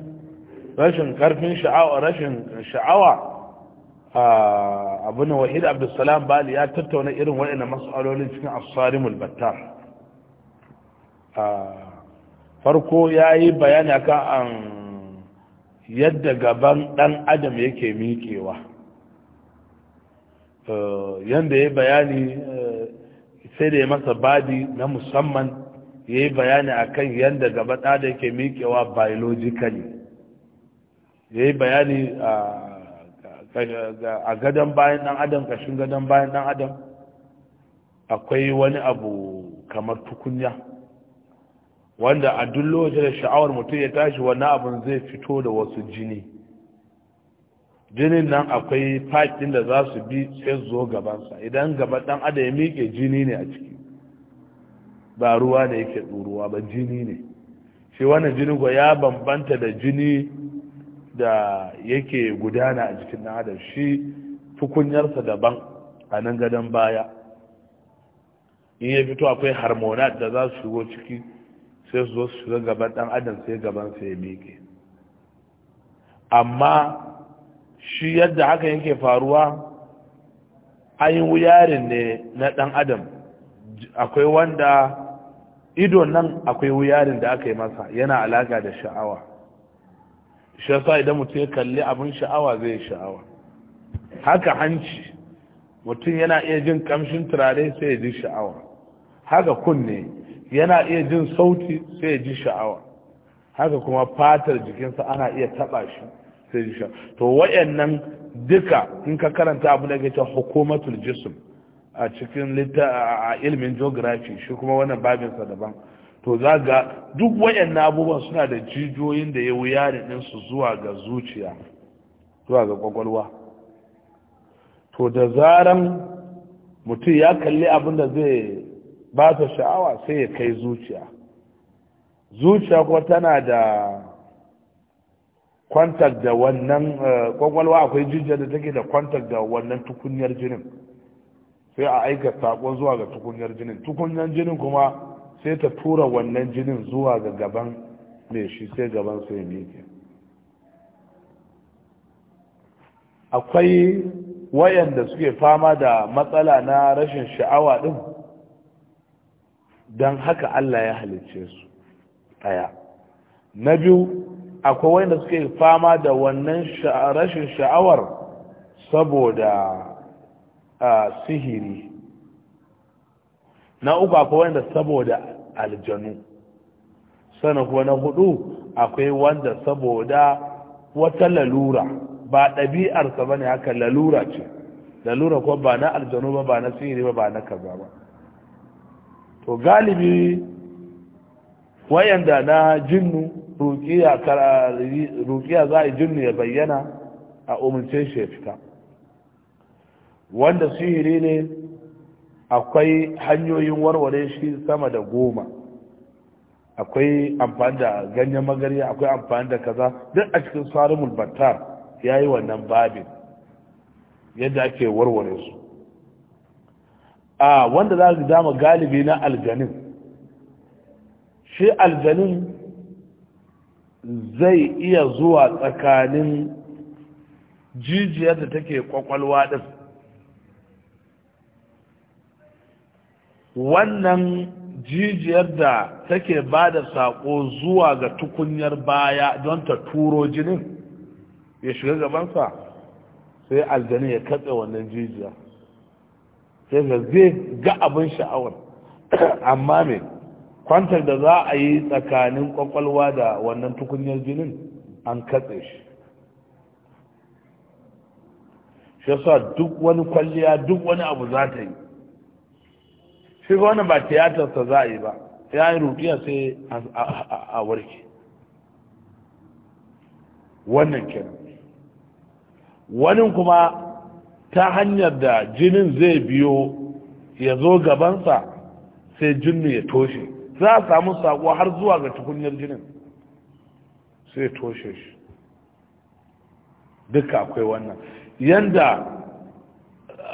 S1: rashin ƙarfin sha'awa rashin sha'awa abin wahid abdulsalam bali ya tattauna irin waɗanda matsalolin cikin asarimul battar farko ya yi bayani akan kan um, yadda gaban ɗan adam yake miƙewa uh, yadda ya bayani uh, sai da ya masa badi na musamman ya yi bayani akan yadda gaban ɗan yake miƙewa biologically ya yi bayani a uh, a gadon bayan dan adam kashin gadon bayan dan adam akwai wani abu kamar tukunya wanda a duk lokacin da sha'awar mutum ya tashi wani abin zai fito da wasu jini jinin nan akwai fakin da za su bi sai zo gabansa idan gaba dan adam ya miƙe jini ne a ciki ba ruwa ne yake ɗuruwa ba jini ne shi wannan jini ko ya bambanta da jini da yake gudana a jikin na adam shi tukunyarsa daban a nan gadon baya in ya fito akwai harmonat da za su shigo ciki sai su zo su shiga gaban dan adam sai gaban sai ya miƙe amma shi yadda haka yake faruwa ayin wuyarin ne na dan adam akwai wanda ido nan akwai wuyarin da aka yi masa yana alaka da sha'awa shi yasa idan mutum ya kalli abin sha'awa zai yi sha'awa haka hanci mutum yana iya jin kamshin turare sai ya ji sha'awa haka kunne yana iya jin sauti sai ya ji sha'awa haka kuma fatar jikinsa ana iya taba shi sai ji sha'awa to wayannan duka in ka karanta abu da ke cewa hukumatul jism a cikin a ilmin geography shi kuma wannan babinsa daban to za ga duk wayannan abubuwan suna da jijiyoyin da ya wuya da ɗinsu zuwa ga zuciya zuwa ga kwakwalwa to da zaran mutum ya kalli abin da zai ba ta sha'awa sai ya kai zuciya zuciya kuwa tana da kwantar da wannan kwakwalwa eh, akwai jijiya da take da kwantar da wannan tukunyar jinin sai a aika saƙon zuwa ga tukunyar jinin tukunyar jinin kuma sai ta tura wannan jinin zuwa ga gaban mai shi sai gaban sai miki. akwai wayanda suke fama da matsala na rashin sha'awa din don haka Allah ya halicce su ɗaya na biyu akwai wayanda suke fama da wannan rashin sha'awar saboda ah, sihiri na uku akwai wanda saboda aljanu sana kuwa na hudu akwai wanda saboda wata lalura ba ɗabi'arsa ba ne haka lalura ce lalura kuma ba na aljanu ba ba na sihiri ba ba na kaza ba to galibi wayanda na jinnu rukiya za a jinnu ya bayyana a umarce shi ya fita wanda sihiri ne akwai hanyoyin warware shi sama da goma akwai amfani da ganyen magarya akwai amfani da kaza duk a cikin sarumul battar ya yi wannan babin yadda ake warware su a wanda za su dama galibi na aljanin shi aljanin zai iya zuwa tsakanin jijiyar da take kwakwalwa din wannan jijiyar da take ba da saƙo zuwa ga tukunyar baya don ta turo jinin ya shiga gabansa sai aljani ya katse wannan jijiyar. sai ga zai ga abin sha'awar amma mai kwantar da za a yi tsakanin kwakwalwa da wannan tukunyar jinin an katse shi shi yasa duk wani kwalliya duk wani abu za ta yi shi wani ba tiyatarsa za a yi ba ya yi rukiya sai a warke wannan kenan wani kuma ta hanyar da jinin zai biyo ya zo gabansa sai jinnu ya toshe za a samu sako har zuwa ga tukunyar jinin sai toshe shi duka akwai wannan yanda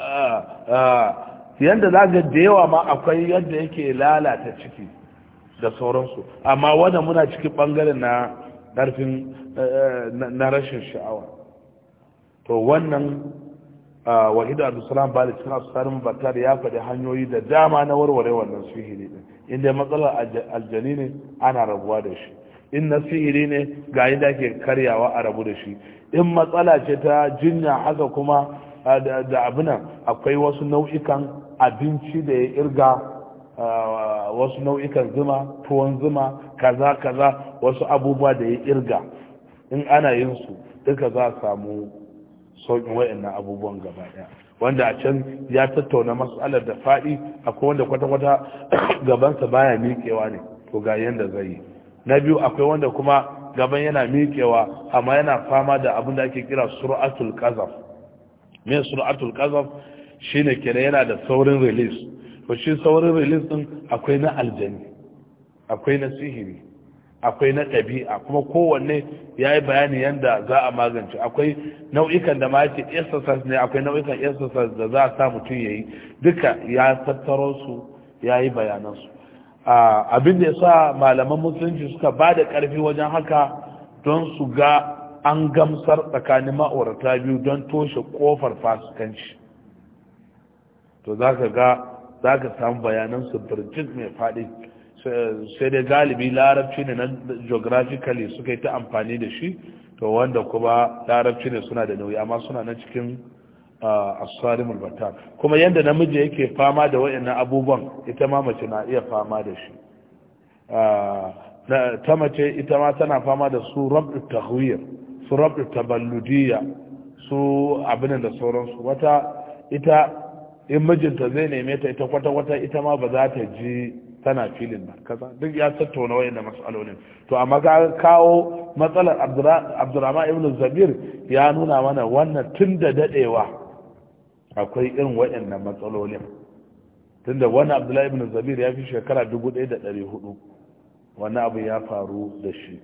S1: ah, ah, yadda za ga da yawa ma akwai yadda yake lalata ciki da sauransu amma wadda muna cikin bangaren na ƙarfin eh, na rashin sha'awa to wannan ah, wahida abdulsalam bali cikin asarin bakar ya faɗi hanyoyi da dama na warware wannan sihiri ɗin inda matsalar aljani ne ana rabuwa da shi in na sihiri ne ga yadda ke karyawa a rabu da shi in matsala ce ta jinya haka kuma ah, da abinan akwai wasu nau'ikan abinci da ya irga wasu nau'ikan zuma tuwon zuma kaza kaza wasu abubuwa da ya irga in ana yin su duka za a samu sauƙin wa'annan abubuwan gaba ɗaya wanda a can ya tattauna matsalar da faɗi akwai wanda kwata-kwata gabansa baya miƙewa ne to ga yadda zai yi na biyu akwai wanda kuma gaban yana miƙewa amma yana fama da abin da ake kira sur'atul qazaf me sur'atul qazaf Shi ne kenan yana da saurin release to shi saurin release din akwai na aljani akwai na sihiri akwai na ɗabi'a kuma kowanne ya yi bayani yadda za a magance akwai nau'ikan da ma yake exercise ne akwai nau'ikan exercise da za a sa mutum ya yi duka ya tattaro su ya yi bayanansu abin da ya sa malaman musulunci suka ba da ƙarfi wajen haka don su ga an gamsar tsakanin ma'aurata biyu don toshe ƙofar fasikanci to za ka ga za ka samu su birjit mai faɗi sai dai galibi larabci ne na geographically suka yi ta amfani da shi to wanda kuma larabci ne suna da nauyi amma suna na cikin asarim albata kuma yadda namiji yake fama da wayannan abubuwan ita ma mace na iya fama da shi ta mace ita ma tana fama da su rabu huyar su rabu balludiya su abin da sauransu wata ita in mijinta zai neme ta ita kwata-kwata ita ma ba za ta ji tana filin ba kaza duk ya tattauna wayan da matsalolin to amma ga kawo matsalar abdurrahman ibn zabir ya nuna mana wannan tun da dadewa akwai irin wayan da matsalolin tun da wani abdullahi ibn zabir ya fi shekara 1400 wani abu ya faru da shi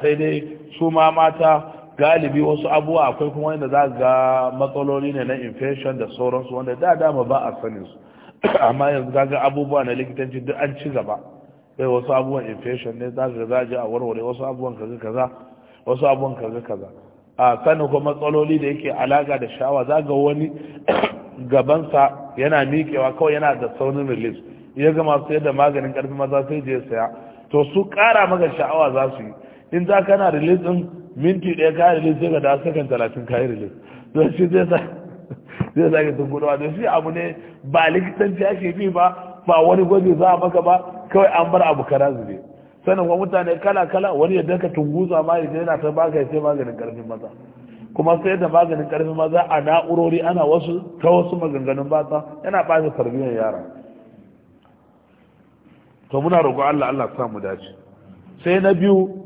S1: sai dai su ma mata galibi wasu abuwa akwai kuma wanda za ga matsaloli ne na infection da sauransu wanda da dama ba a sanin su amma yanzu za ga abubuwa na likitanci duk an ci gaba sai wasu abubuwan infection ne za ga za a warware wasu abubuwan kaza kaza wasu abubuwan kaza kaza a sanin kuma matsaloli da yake alaka da shawa za ga wani gabansa yana miƙewa kawai yana da saunin release ya gama sayar da maganin karfi maza sai je saya to su ƙara maka sha'awa za su yi in za ka na release din minti ɗaya kayan rilis sai ka da sakan talatin kayan rilis don shi zai sa zai sa a don shi abu ne ba likitanci ake fi ba ba wani gwaji za a maka ba kawai an bar abu kara zube sannan kuma mutane kala kala wani yadda ka tunguza ma ya yana ta baka ya ce maganin karfin maza kuma sai da maganin karfin maza a na'urori ana wasu ta wasu maganganun bata yana ɓata tarbiyyar yara to muna roƙo Allah Allah samu mu dace sai na biyu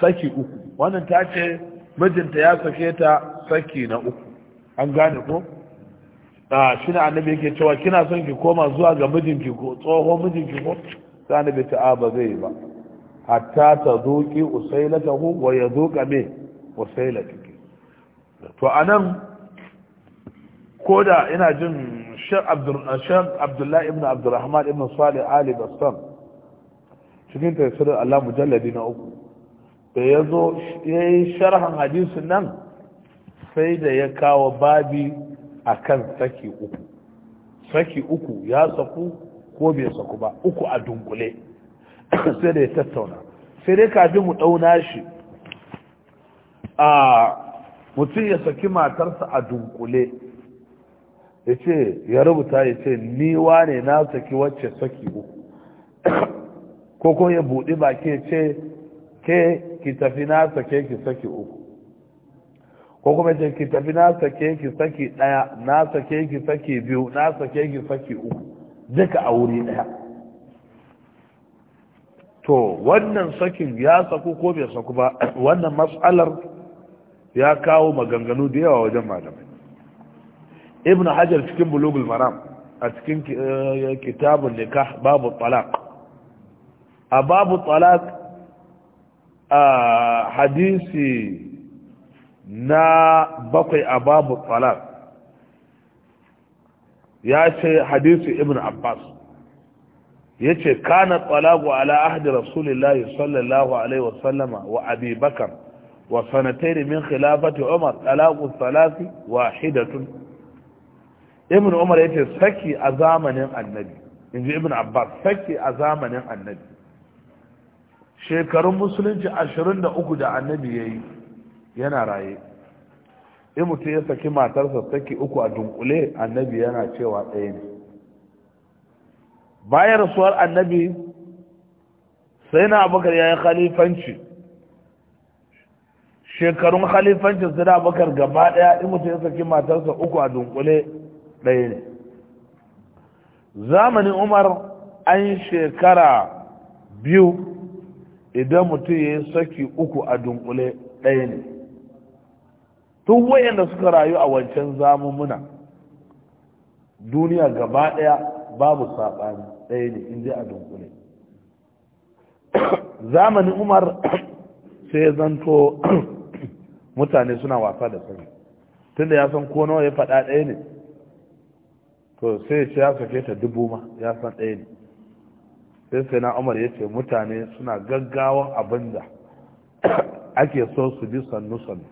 S1: saki uku wannan ta ce mijinta ya sake ta saki na uku an gane ko a shi na annabi yake cewa kina son ki koma zuwa ga mijinki ko tsohon mijinki ko sai annabi ta a ba zai ba hatta ta zoki usailatahu wa ya zoka me usailatiki to anan ko da ina jin shan abdullahi ibn abdurrahman ibn salih ali bassam cikin tafsirin allah mujalladi na uku da ya zo ya yi sharhan hadisun nan sai da ya kawo babi a kan saki uku saki uku ya saku ko bai saku ba uku a dunkule sai da ya tattauna sai dai kafin mu ɗauna shi a mutum ya saki matarsa a dunkule ya ce ya rubuta ya ce niwa ne na saki wacce saki uku ko kuma ya buɗi baki ya ce ke ki tafi na sake ki saki uku ko kuma ce ki tafi na sake ki saki ɗaya na sake ki saki biyu na sake ki saki uku duka a wuri ɗaya to wannan sakin ya saku ko bai saku ba wannan matsalar ya kawo maganganu da yawa wajen malamai ibn hajar cikin bulugul maram a cikin eh, kitabun nikah babu talaq a babu talaq hadisi na bakwai a babu talak ya ce hadisi ibn abbas ya ce kana tsalagu ala ahdi rasulillahi sallallahu alaihi wasallama wa bakar wa sanataini min khilafati umar talaku salafi wahidatun ibn umar ya ce saki a zamanin annabi in ji ibn abbas saki a zamanin annabi shekarun musulunci ashirin da uku da annabi ya yi yana raye in mutum ya saki matarsa saki uku a dunkule annabi yana cewa ɗaya ne bayan rasuwar annabi sai na abokar ya yi khalifanci shekarun khalifancin sai na abokar gaba ɗaya in mutum ya saki matarsa uku a dunkule ɗaya ne zamanin umar an shekara biyu idan mutum ya yi saki uku a dunkule ɗaya ne tun wayanda suka rayu a wancan zamumuna duniya gaba ɗaya babu saɓani ɗaya ne inda a dunkule zamanin umar sai ya zanto mutane suna wasa da sani da ya san ko nawa ya faɗa ɗaya ne to sai ya ce ya sake ta dubu ma ya san ɗaya ne sai sai na umar ya ce mutane suna gaggawan abinda ake so su bi sannu sannu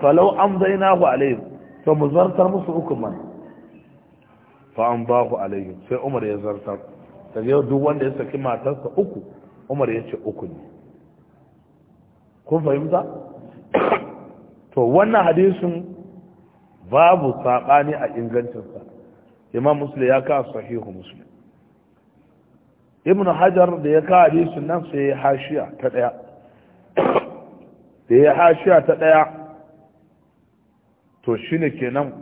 S1: falau an zai na ku alayhim to mu zartar musu hukuman fa an ba ku alayhim sai umar ya zartar daga yau duk wanda ya saki matarsa uku umar ya ce uku ne kun fahimta to wannan hadisin babu saɓani a ingancinsa imam musulun ya kawo sahihu musulun ibn hajar da ya kawo hadisin nan sai ya hashiya ta daya da ya hashiya ta daya to shine kenan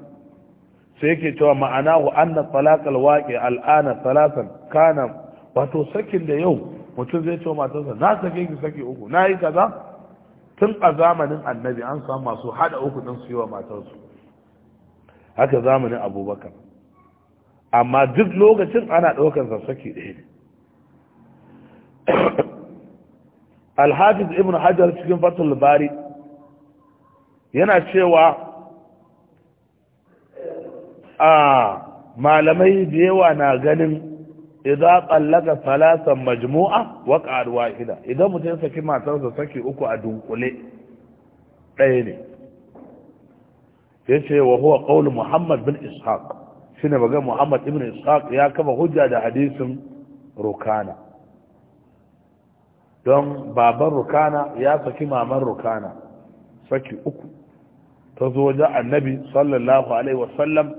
S1: sai yake cewa ma'anahu anna talaqal waqi al'ana thalathan kana wato sakin da yau mutum zai ce matarsa na sake ki saki uku na yi kaza tun a zamanin annabi an samu masu hada uku din su yi wa matarsu haka zamanin abubakar amma duk lokacin ana ɗaukar sa saki ɗaya ne alhafiz ibn hajar cikin fatul bari yana cewa a malamai da yawa na ganin idan tsallaka salasan majmu'a waƙa'ar wahida idan mutum ya saki matarsa saki uku a dunkule ɗaya ne ya ce wa huwa ƙaunin muhammad bin ishaq shi ne muhammad ibn ishaq ya kama hujja da hadisin rukana don baban rukana ya saki maman rukana saki uku ta zo wajen annabi sallallahu alaihi wasallam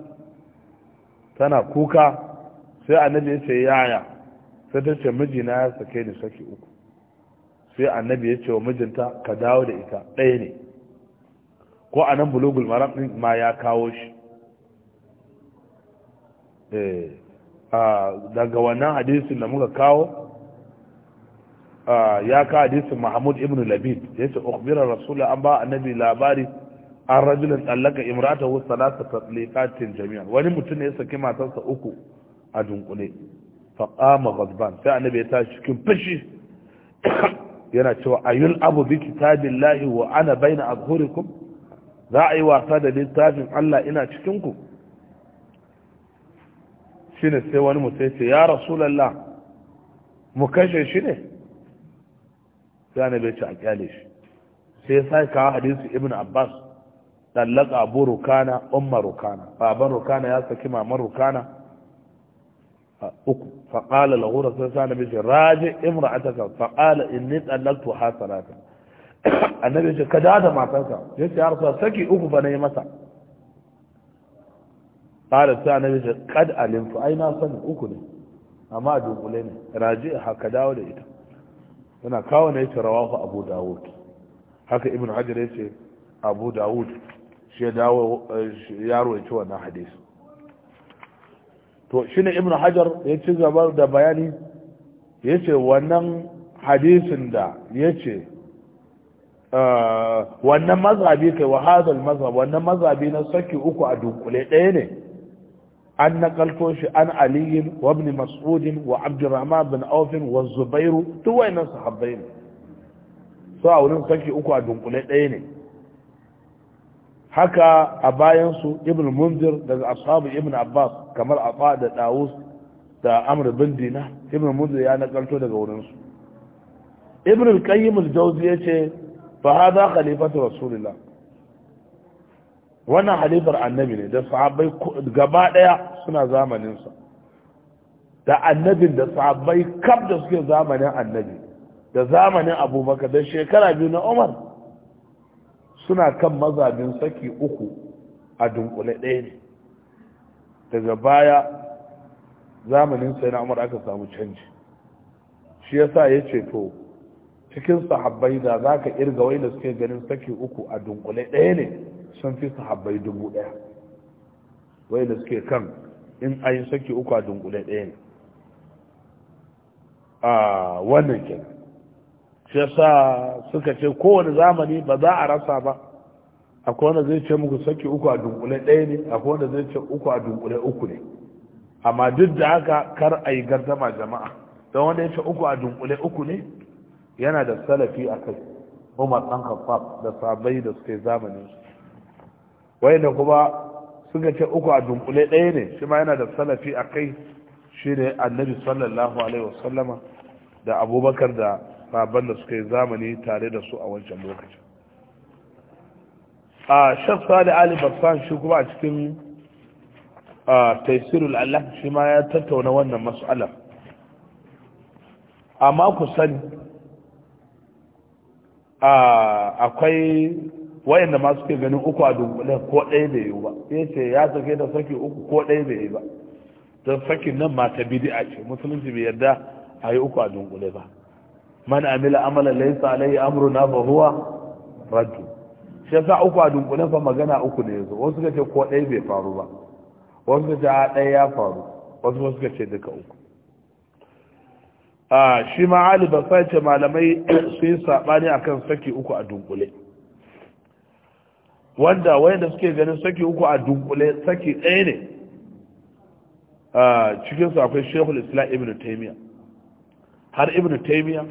S1: tana kuka sai annabi ya ce yaya sai ta ce mijina ya sake ni saki uku sai annabi ya ce wa mijinta ka dawo da ita ɗaya ne ko a nan bulogul maram ɗin ma ya kawo shi eh, daga wannan hadisin da muka kawo ya ka hadisin mahmud ibn labid ya ce ukhbira rasulullah an ba annabi labari an rajulin tsallaka imrata wasu salasa tatlikatin jami'an wani mutum ne ya saki matarsa uku a dunkule faƙama gazban sai annabi ya tashi cikin fushi yana cewa ayyul abu bi kitabillahi wa ana baina azhurikum za a yi wasa da littafin Allah ina cikin ku shine sai wani mutum ya ce ya rasulullah mu kashe shi ne sai annabi ya ce a kyale shi sai sai kawo hadisi ibn abbas dallaka abu rukana umma rukana baban rukana ya saki maman rukana uku faƙala lahu rasul sai annabi ce raji imra'ataka faƙala inni dallaktu ha salata annabi ce ka da matarka ya ce ya rasul saki uku ba na yi masa qala sai annabi ce kad alimtu ai na sani uku ne amma a dunkule ne raji ha ka dawo da ita yana kawo ne yace rawahu abu dawud haka ibn hajar yace abu dawud shi ya dawo eh, ya rawaito wannan hadisi to shine ibn hajar ya ci gaba da bayani yace wannan hadisin da yace eh, wannan mazhabi kai wa hadal mazhab wannan mazhabi na saki uku a dunkule ɗaya ne an nakalto shi an aliyin wa mas'udin wa abdurrahman bin aufin wa zubairu duk su sahabbai ne so a wurin saki uku a dunkule ɗaya ne haka a bayansu ibn munzir daga ashabu ibn abbas kamar afa da dawus da amr bin dina ibn munzir ya nakalto daga wurinsu ibn al-qayyim al-jawzi yace fa hadha khalifatu rasulillah wannan halifar annabi ne da sahabbai gaba daya suna zamaninsa da annabin da sahabbai kaf da suke zamanin annabi da zamanin abubakar da shekara biyu na umar suna kan mazabin saki uku a dunkule ɗaya ne daga baya zamanin sai na umar aka samu canji shi yasa ya ce to cikin sahabbai da za ka irga wai da suke ganin saki uku a dunkule ɗaya ne sun fi sahabbai dubu ɗaya wai da suke kan in a yi saki uku a dunkule ɗaya ne a wannan kenan shi sa suka ce kowane zamani ba za a rasa ba akwai wanda zai ce muku saki uku a dunkule ɗaya ne akwai wanda zai ce uku a dunkule uku ne amma duk da haka kar a yi gardama jama'a don wanda ya ce uku a dunkule uku ne yana da salafi a kai umar ɗan khattab da sabai da suke zamanin su Wai da kuma suka ce uku a dunkule ɗaya ne shi ma yana da salafi a kai shi ne annabi sallallahu alaihi wasallama da abubakar da sabon da suka yi zamani tare da su a wancan lokacin a shafsa da ali barsan shi kuma a cikin taisirul allah shi ma ya tattauna wannan matsalar amma ku sani akwai wayanda ma suke ganin uku a dunkule ko ɗaya bai yi ba ya ce ya sake da saki uku ko ɗaya bai yi ba don sakin nan mata a ce musulunci bai yarda a yi uku a dunkule ba man amila amala laysa alayhi na ba huwa raddu shi yasa uku a dunkule fa magana uku ne yanzu wasu suka ce ko ɗaya bai faru ba wasu suka ce a ɗaya ya faru wasu suka ce duka uku a shi ma ali ba sai ce malamai sun yi saɓani akan saki uku a dunkule wanda wanda suke ganin saki uku a dunkule saki ɗaya ne cikin su akwai shekul islam ibn taimiya har ibn taimiya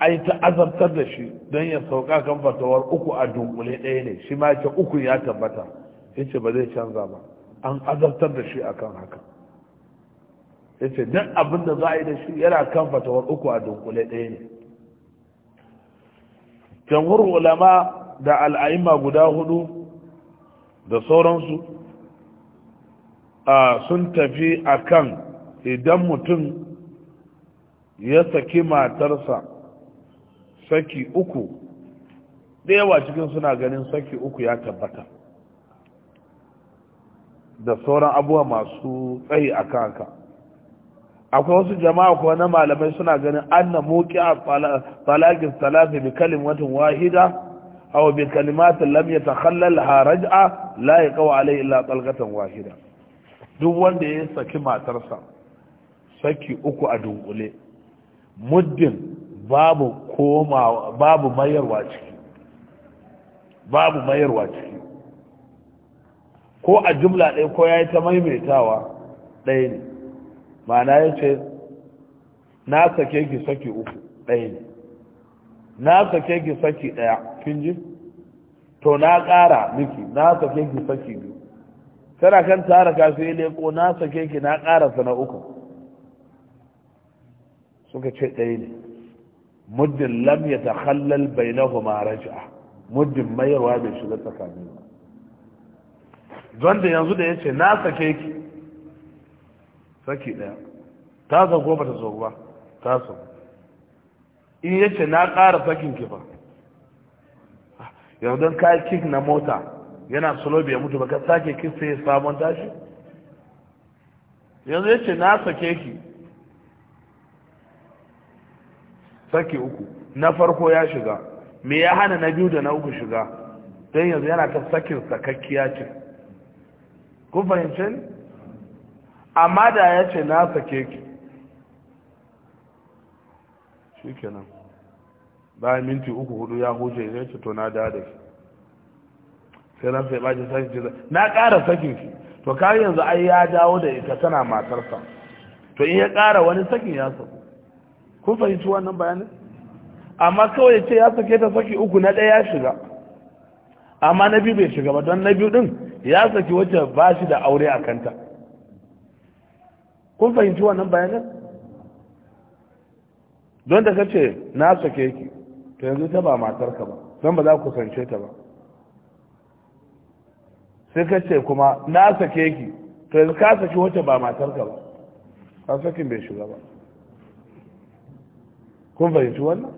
S1: ai ta azabtar da shi don ya sauka kan fatawar uku a dunkule ɗaya ne shi ma ce uku ya tabbata yace ba zai canza ba an azabtar da shi akan haka yace duk abin da za a yi da shi yana kan fatawar uku a dunkule ɗaya ne jamhur ulama da al'aima guda hudu da sauransu sun tafi akan idan mutum ya saki matarsa saki uku ɗewa cikin suna ganin saki uku ya tabbata da sauran abuwa masu tsayi a kanka akwai wasu jama'a kuwa na malamai suna ganin an na moki a falagin salafi bi watan wahida aw bi lamya ta yatakhallaha raj'a la yaqaw alayhi illa talqatan wahida duk wanda ya saki matarsa saki uku a dunkule muddin babu mayarwa ciki ko a jumla ɗaya ko ya yi ta maimaitawa ɗaya ne ma'ana ya ce na sake ki saki uku ɗaya ne na sake ki saki ɗaya kin ji to na ƙara miki na sake ki saki biyu tana kan tara kafin ko na sake ki na ƙara sana uku suka ce ɗaya ne muddin lam ya ta hallal bai muddin mayarwa bai shiga tsakanin ba don da yanzu da ya ce na sake ki saki ɗaya ta zago ba ta ba ta zago in yace na ƙara fakin ki ba yau don kayi kik na mota yana solo bai mutu ba ka sake kik sai ya sabon tashi yanzu yace na sake ki sake uku na farko ya shiga me ya hana na biyu da na uku shiga don yanzu yana ta sakin sakakkiya ce kun fahimci ni amma da ya ce na sake ki shi kenan bayan minti uku hudu ya huce ya ce to na da da shi sai ran sai baji sai ce na ƙara sakin shi to kai yanzu ai ya dawo da ita tana matarsa to in ya ƙara wani sakin ya saku kun fahimci wannan bayanin amma kawai ce ya sake ta saki uku na ɗaya ya shiga amma na biyu bai shiga ba don na biyu ɗin ya saki wacce ba shi da aure a kanta kun fahimci wannan bayanin don da ka ce na sake ki to yanzu ta ba matarka ba don ba za ku kusance ta ba sai ka ce kuma na sake ki to yanzu ka saki wacce ba matarka ba ka sakin bai shiga ba kun fahimci wannan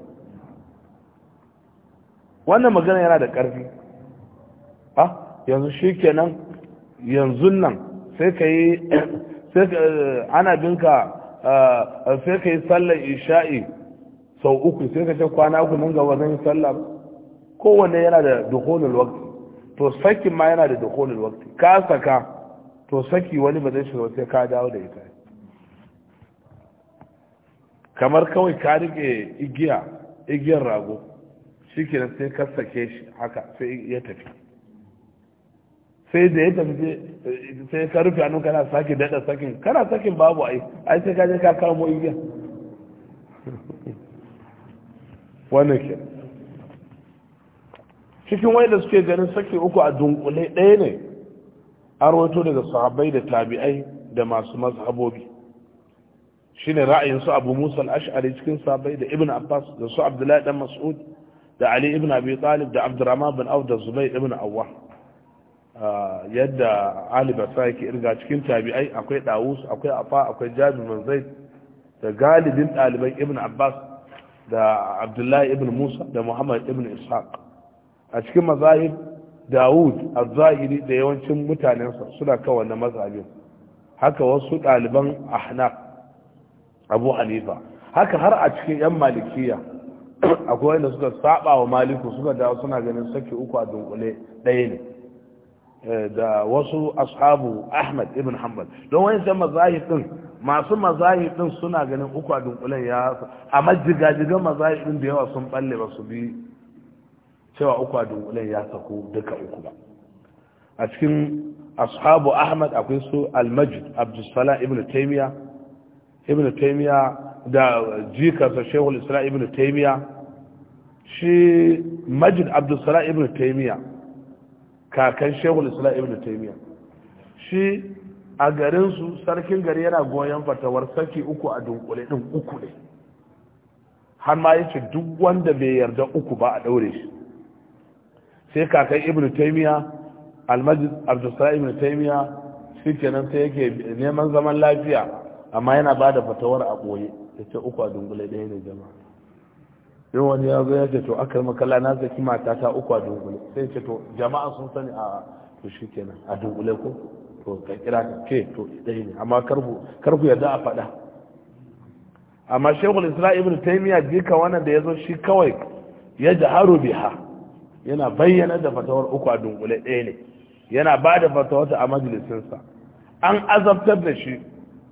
S1: wannan magana yana da ƙarfi ah yanzu shi kenan yanzu nan sai ka yi eh, ana binka eh, sai ka yi sallar isha'i sau uku sai ka ce kwana uku nan gaba zan yi sallah kowanne yana da dukholul waqti to saki ma yana da dukholul waqti ka saka to saki wani ba zai shiga sai ka dawo da ita kamar kawai ka rike igiya igiyar rago shikenan sai ka sake shi haka sai ya tafi sai da ya tafi sai ka rufe hannu kana sake dada sakin kana sakin babu ai ai sai ka je ka kamo igiya wannan ke cikin wai da suke ganin saki uku a dunkule ɗaya ne a rawaito daga sahabbai da tabi'ai da masu mazhabobi shine ra'ayin su abu musa al-ash'ari cikin sahabbai da ibn abbas da su abdullahi dan mas'ud da ali ibn abi talib da abdurrahman bin auf da ibn awwa ah, yadda ali basa yake irga cikin tabi'ai akwai dawus akwai afa akwai jabir bin zaid da galibin ɗaliban ibn abbas da abdullahi ibn musa da muhammad ibn ishaq a cikin mazahib dawud az-zahiri da yawancin mutanensa suna kan wannan mazhabin haka wasu ɗaliban ahnaf abu hanifa haka har a cikin yan malikiya akwai wanda suka saba wa maliku suka dawo suna ganin saki uku a dunkule ɗaya ne eh, da wasu ashabu ahmad ibn hanbal don wani zama mazahib masu mazahi din suna ganin uku a dunkulen ya amma jigajigan mazahi din da yawa sun balle ba su bi cewa uku a dunkulen ya sako duka uku ba a cikin ashabu ahmad akwai su almajid abdussalam ibn taimiya ibn taimiya da jikarsa Shehu isra ibn taimiya shi majid abdussalam ibn taimiya kakan Shehu isra ibn taimiya shi a garinsu sarkin gari yana goyon fatawar saki uku a dunkule din uku ne har ma yace duk wanda bai yarda uku ba a daure shi sai kakan ibnu taymiya almajid Ibn ibnu taymiya kenan sai yake neman zaman lafiya amma yana bada fatawar a boye yace uku a dunkule ɗaya ne jama'a Yau wani ya zo ya ce to akar makalla na zaki mata ta uku a dunkule sai ce to jama'a sun sani a to shi kenan a dunkule ko to ka kira ka ce to ɗaya ne amma karbu karbu yadda a faɗa amma shekul isra ibn taimiyya jika wannan da ya zo shi kawai ya jaharu biha yana bayyana da fatawar uku a dunkule ɗaya ne yana ba da fatawarta a majalisinsa an azabtar da shi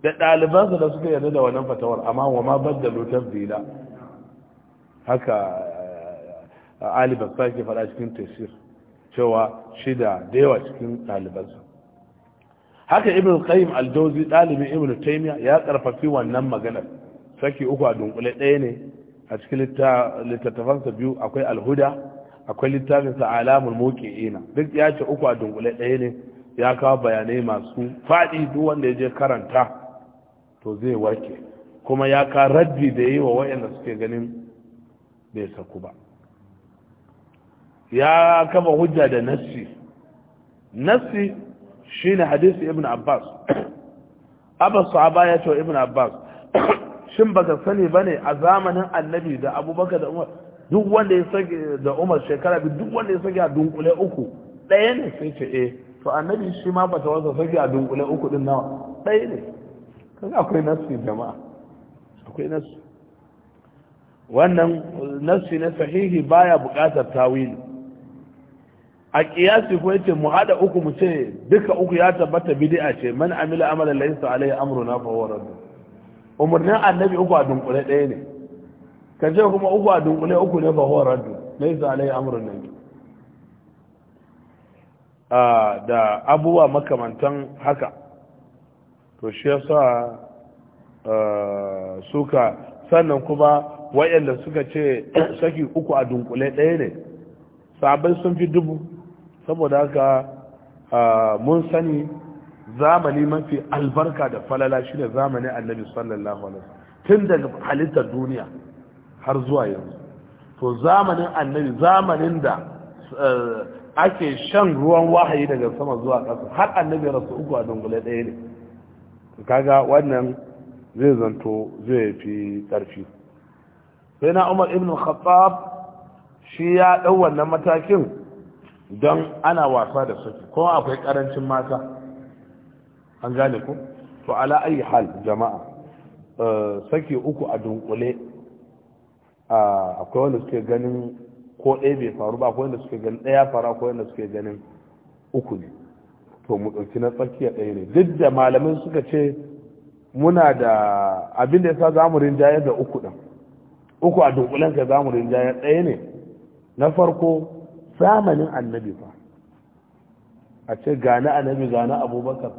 S1: da ɗalibansa da suka yarda da wannan fatawar amma wa ma baddalu tabdila haka Ali Baksa ke faɗa cikin tafsir cewa shida da yawa cikin ɗalibansa haka ibn qayyim al-jawzi dalibin ibn taymiya ya karfafi wannan maganar saki uku a dunkule ɗaya ne a cikin littattafansa biyu akwai alhuda akwai littafinsa alamul muqi'ina duk ya ce uku a dunkule ɗaya ne ya kawo bayanai masu faɗi duk wanda ya je karanta to zai warke kuma ya ka raddi da yi wa waɗanda suke ganin bai saku ba ya kafa hujja da nassi nassi ne hadisi ibn abbas abbas sahaba ya ce ibn abbas shin baka sani ba ne a zamanin annabi da abubakar da umar duk wanda ya sake da umar shekara bi duk wanda ya sake a dunkule uku ɗaya ne sai ce eh to annabi shi ma ta wasa sake a dunkule uku din nawa ɗaya ne kaga akwai nasi jama'a akwai nasi wannan nasi na sahihi baya buƙatar tawili a kiyasi ko yace mu hada uku mu ce duka uku ya tabbata bid'a ce man amila amalan laysa alaihi amruna fa huwa radd umurnin annabi uku a dunkule ɗaya ne ka ce kuma uku a dunkule uku ne fa huwa radd laysa alaihi amruna a da abubuwa makamantan haka to shi yasa suka sannan kuma wayanda suka ce saki uku a dunkule ɗaya ne sabai sun fi dubu saboda haka mun sani zamani mafi albarka da falala shi ne zamanin annabi sallallahu alaihi tun daga halittar duniya har zuwa yanzu to zamanin annabi zamanin da e, ake shan ruwan wahayi daga sama zuwa ƙasa har annabi rasu uku a dangule ɗaya ne kaga wannan zai zanto zai fi ƙarfi sai na umar ibn khattab shi ya ɗau wannan matakin don ana wasa da saki ko akwai karancin mata an gane ku to ala ayi hal jama'a eh, saki uku a dunkule akwai wanda suke ganin ko ɗaya bai faru ba akwai wanda suke ganin ɗaya faru akwai wanda suke ganin uku ne to mu ɗauki na tsakiya ɗaya ne duk da malamin suka ce muna da abin da sa zamurin rinjayar da uku ɗin uku a dunkulen ka zamurin rinjayar ɗaya ne na farko zamanin annabi ba a ce gane annabi gane abubakar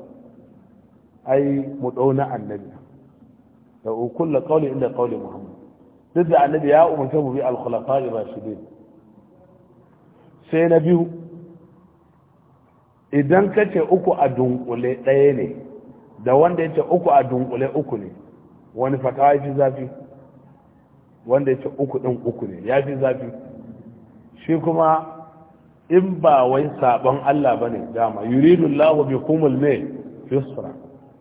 S1: ai mu ɗauna annabi da da kauli inda kauli muhammad duk da annabi ya umarta mu bi al-khulafa'i rashidin sai na biyu idan ka ce uku a dunkule ɗaya ne da wanda ya ce uku a dunkule uku ne wani fatawa ya fi zafi wanda ya ce uku ɗin uku ne ya fi zafi shi kuma in ba wai sabon Allah bane dama yuridu Allahu kumul me yusra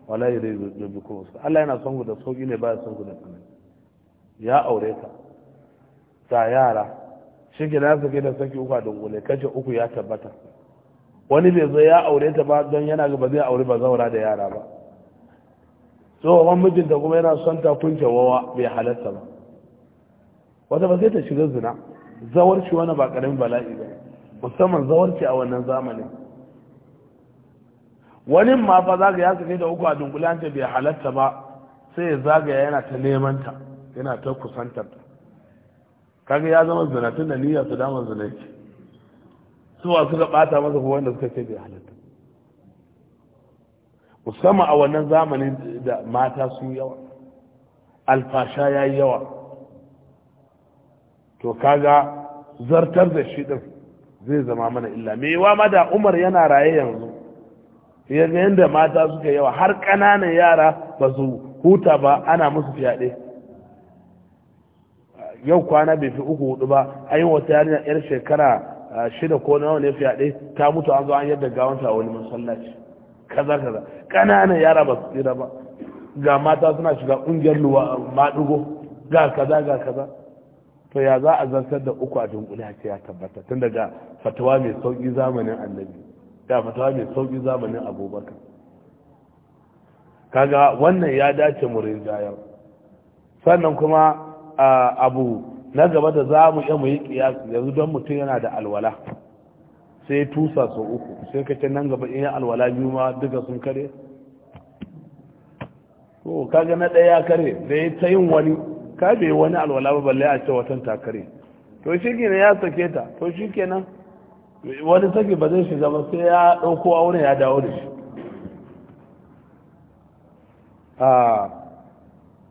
S1: wala yuridu bi kumul Allah yana son ku da sauki ne ba son da tsanani ya aure ta ta yara shi gida su da saki uku a dungule kace uku ya tabbata wani bai zo ya aure ta ba don yana ga ba zai aure ba zaura da yara ba So mijin mijinta kuma yana son ta kunce wawa bai halatta ba wata ba sai ta shiga zina zawar shi wani ba karamin bala'i ba musamman zawarci a wannan zamanin wani ma fa zagaya ya da uku a dunkulanta bai halatta ba sai ya zagaya yana ta neman yana ta kusantar kaga ya zama zina tun da niyya su dama zina ce su wa suka bata masa ko wanda suka ce bai halatta musamman a wannan zamanin da mata su yawa alfasha ya yi yawa to kaga zartar da shi din zai zama mana illa me yawa ma da umar yana raye yanzu yaga yadda mata suka yawa har ƙananan yara ba su huta ba ana musu fyaɗe yau kwana bai fi uku hudu ba an yi wata yarinya yar shekara shida ko nawa ne fyaɗe ta mutu an zo an yadda gawanta a wani masallaci kaza kaza ƙananan yara ba su tsira ba ga mata suna shiga ƙungiyar luwa maɗugo ga kaza ga kaza to ya za a zartar da uku a dunkule ce ya tabbata tun daga fatawa mai sauƙi zamanin annabi da fatawa mai sauƙi zamanin abubakar kaga wannan ya dace mu rinjayar sannan kuma abu na gaba da za mu iya mu yi kiyasi yanzu don mutum yana da alwala sai tusa sau uku sai ka ce nan gaba iya alwala biyu ma duka sun kare to kaga na ɗaya ya kare da ya ta yin wani ka bai wani alwala ba balle a ce watan takare to shi kenan ya sake ta to shi kenan wani sake ba zai shiga ba sai ya ɗauko aure ya dawo da shi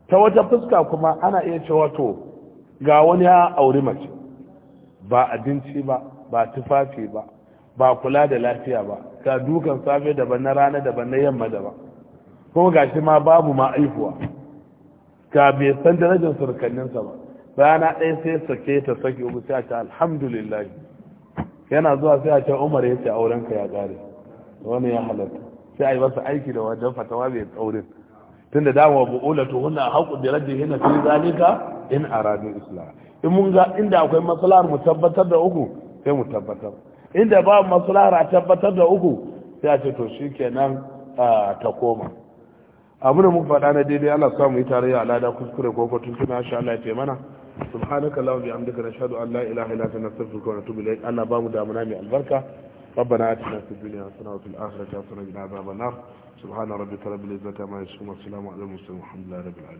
S1: ta wata fuska kuma ana iya cewa to ga wani ya auri mace ba abinci ba ba tufafi ba ba kula da lafiya ba ga dukan safe daban na rana daban na yamma daban kuma gashi ma babu ma aihuwa ga bai san darajar surkanninsa ba rana ɗaya sai sake ta sake uku sai a ce alhamdulillah yana zuwa sai a ce umar ya ce aurenka ya gare wani ya halatta sai a yi masa aiki da wajen fatawa bai tsaurin tunda dama bu'ulatu hunna haqqu bi hina fi zalika in aradu islam in mun ga inda akwai maslahar mu tabbatar da uku sai mu tabbatar inda ba maslahar a tabbatar da uku sai a ce to shikenan ta koma abu da muka faɗa na daidai Allah sa mu yi tarayya alada kuskure ko kwatun tuna Allah ya mana subhanaka allahumma bihamdika nashhadu an la ilaha illa anta nastaghfiruka wa natubu ilayk Allah ba mu damuna mai albarka ربنا آتنا في الدنيا حسنة وفي الآخرة حسنة وقنا عذاب النار سبحان ربك رب العزة عما يصفون والسلام على المرسلين والحمد لله رب العالمين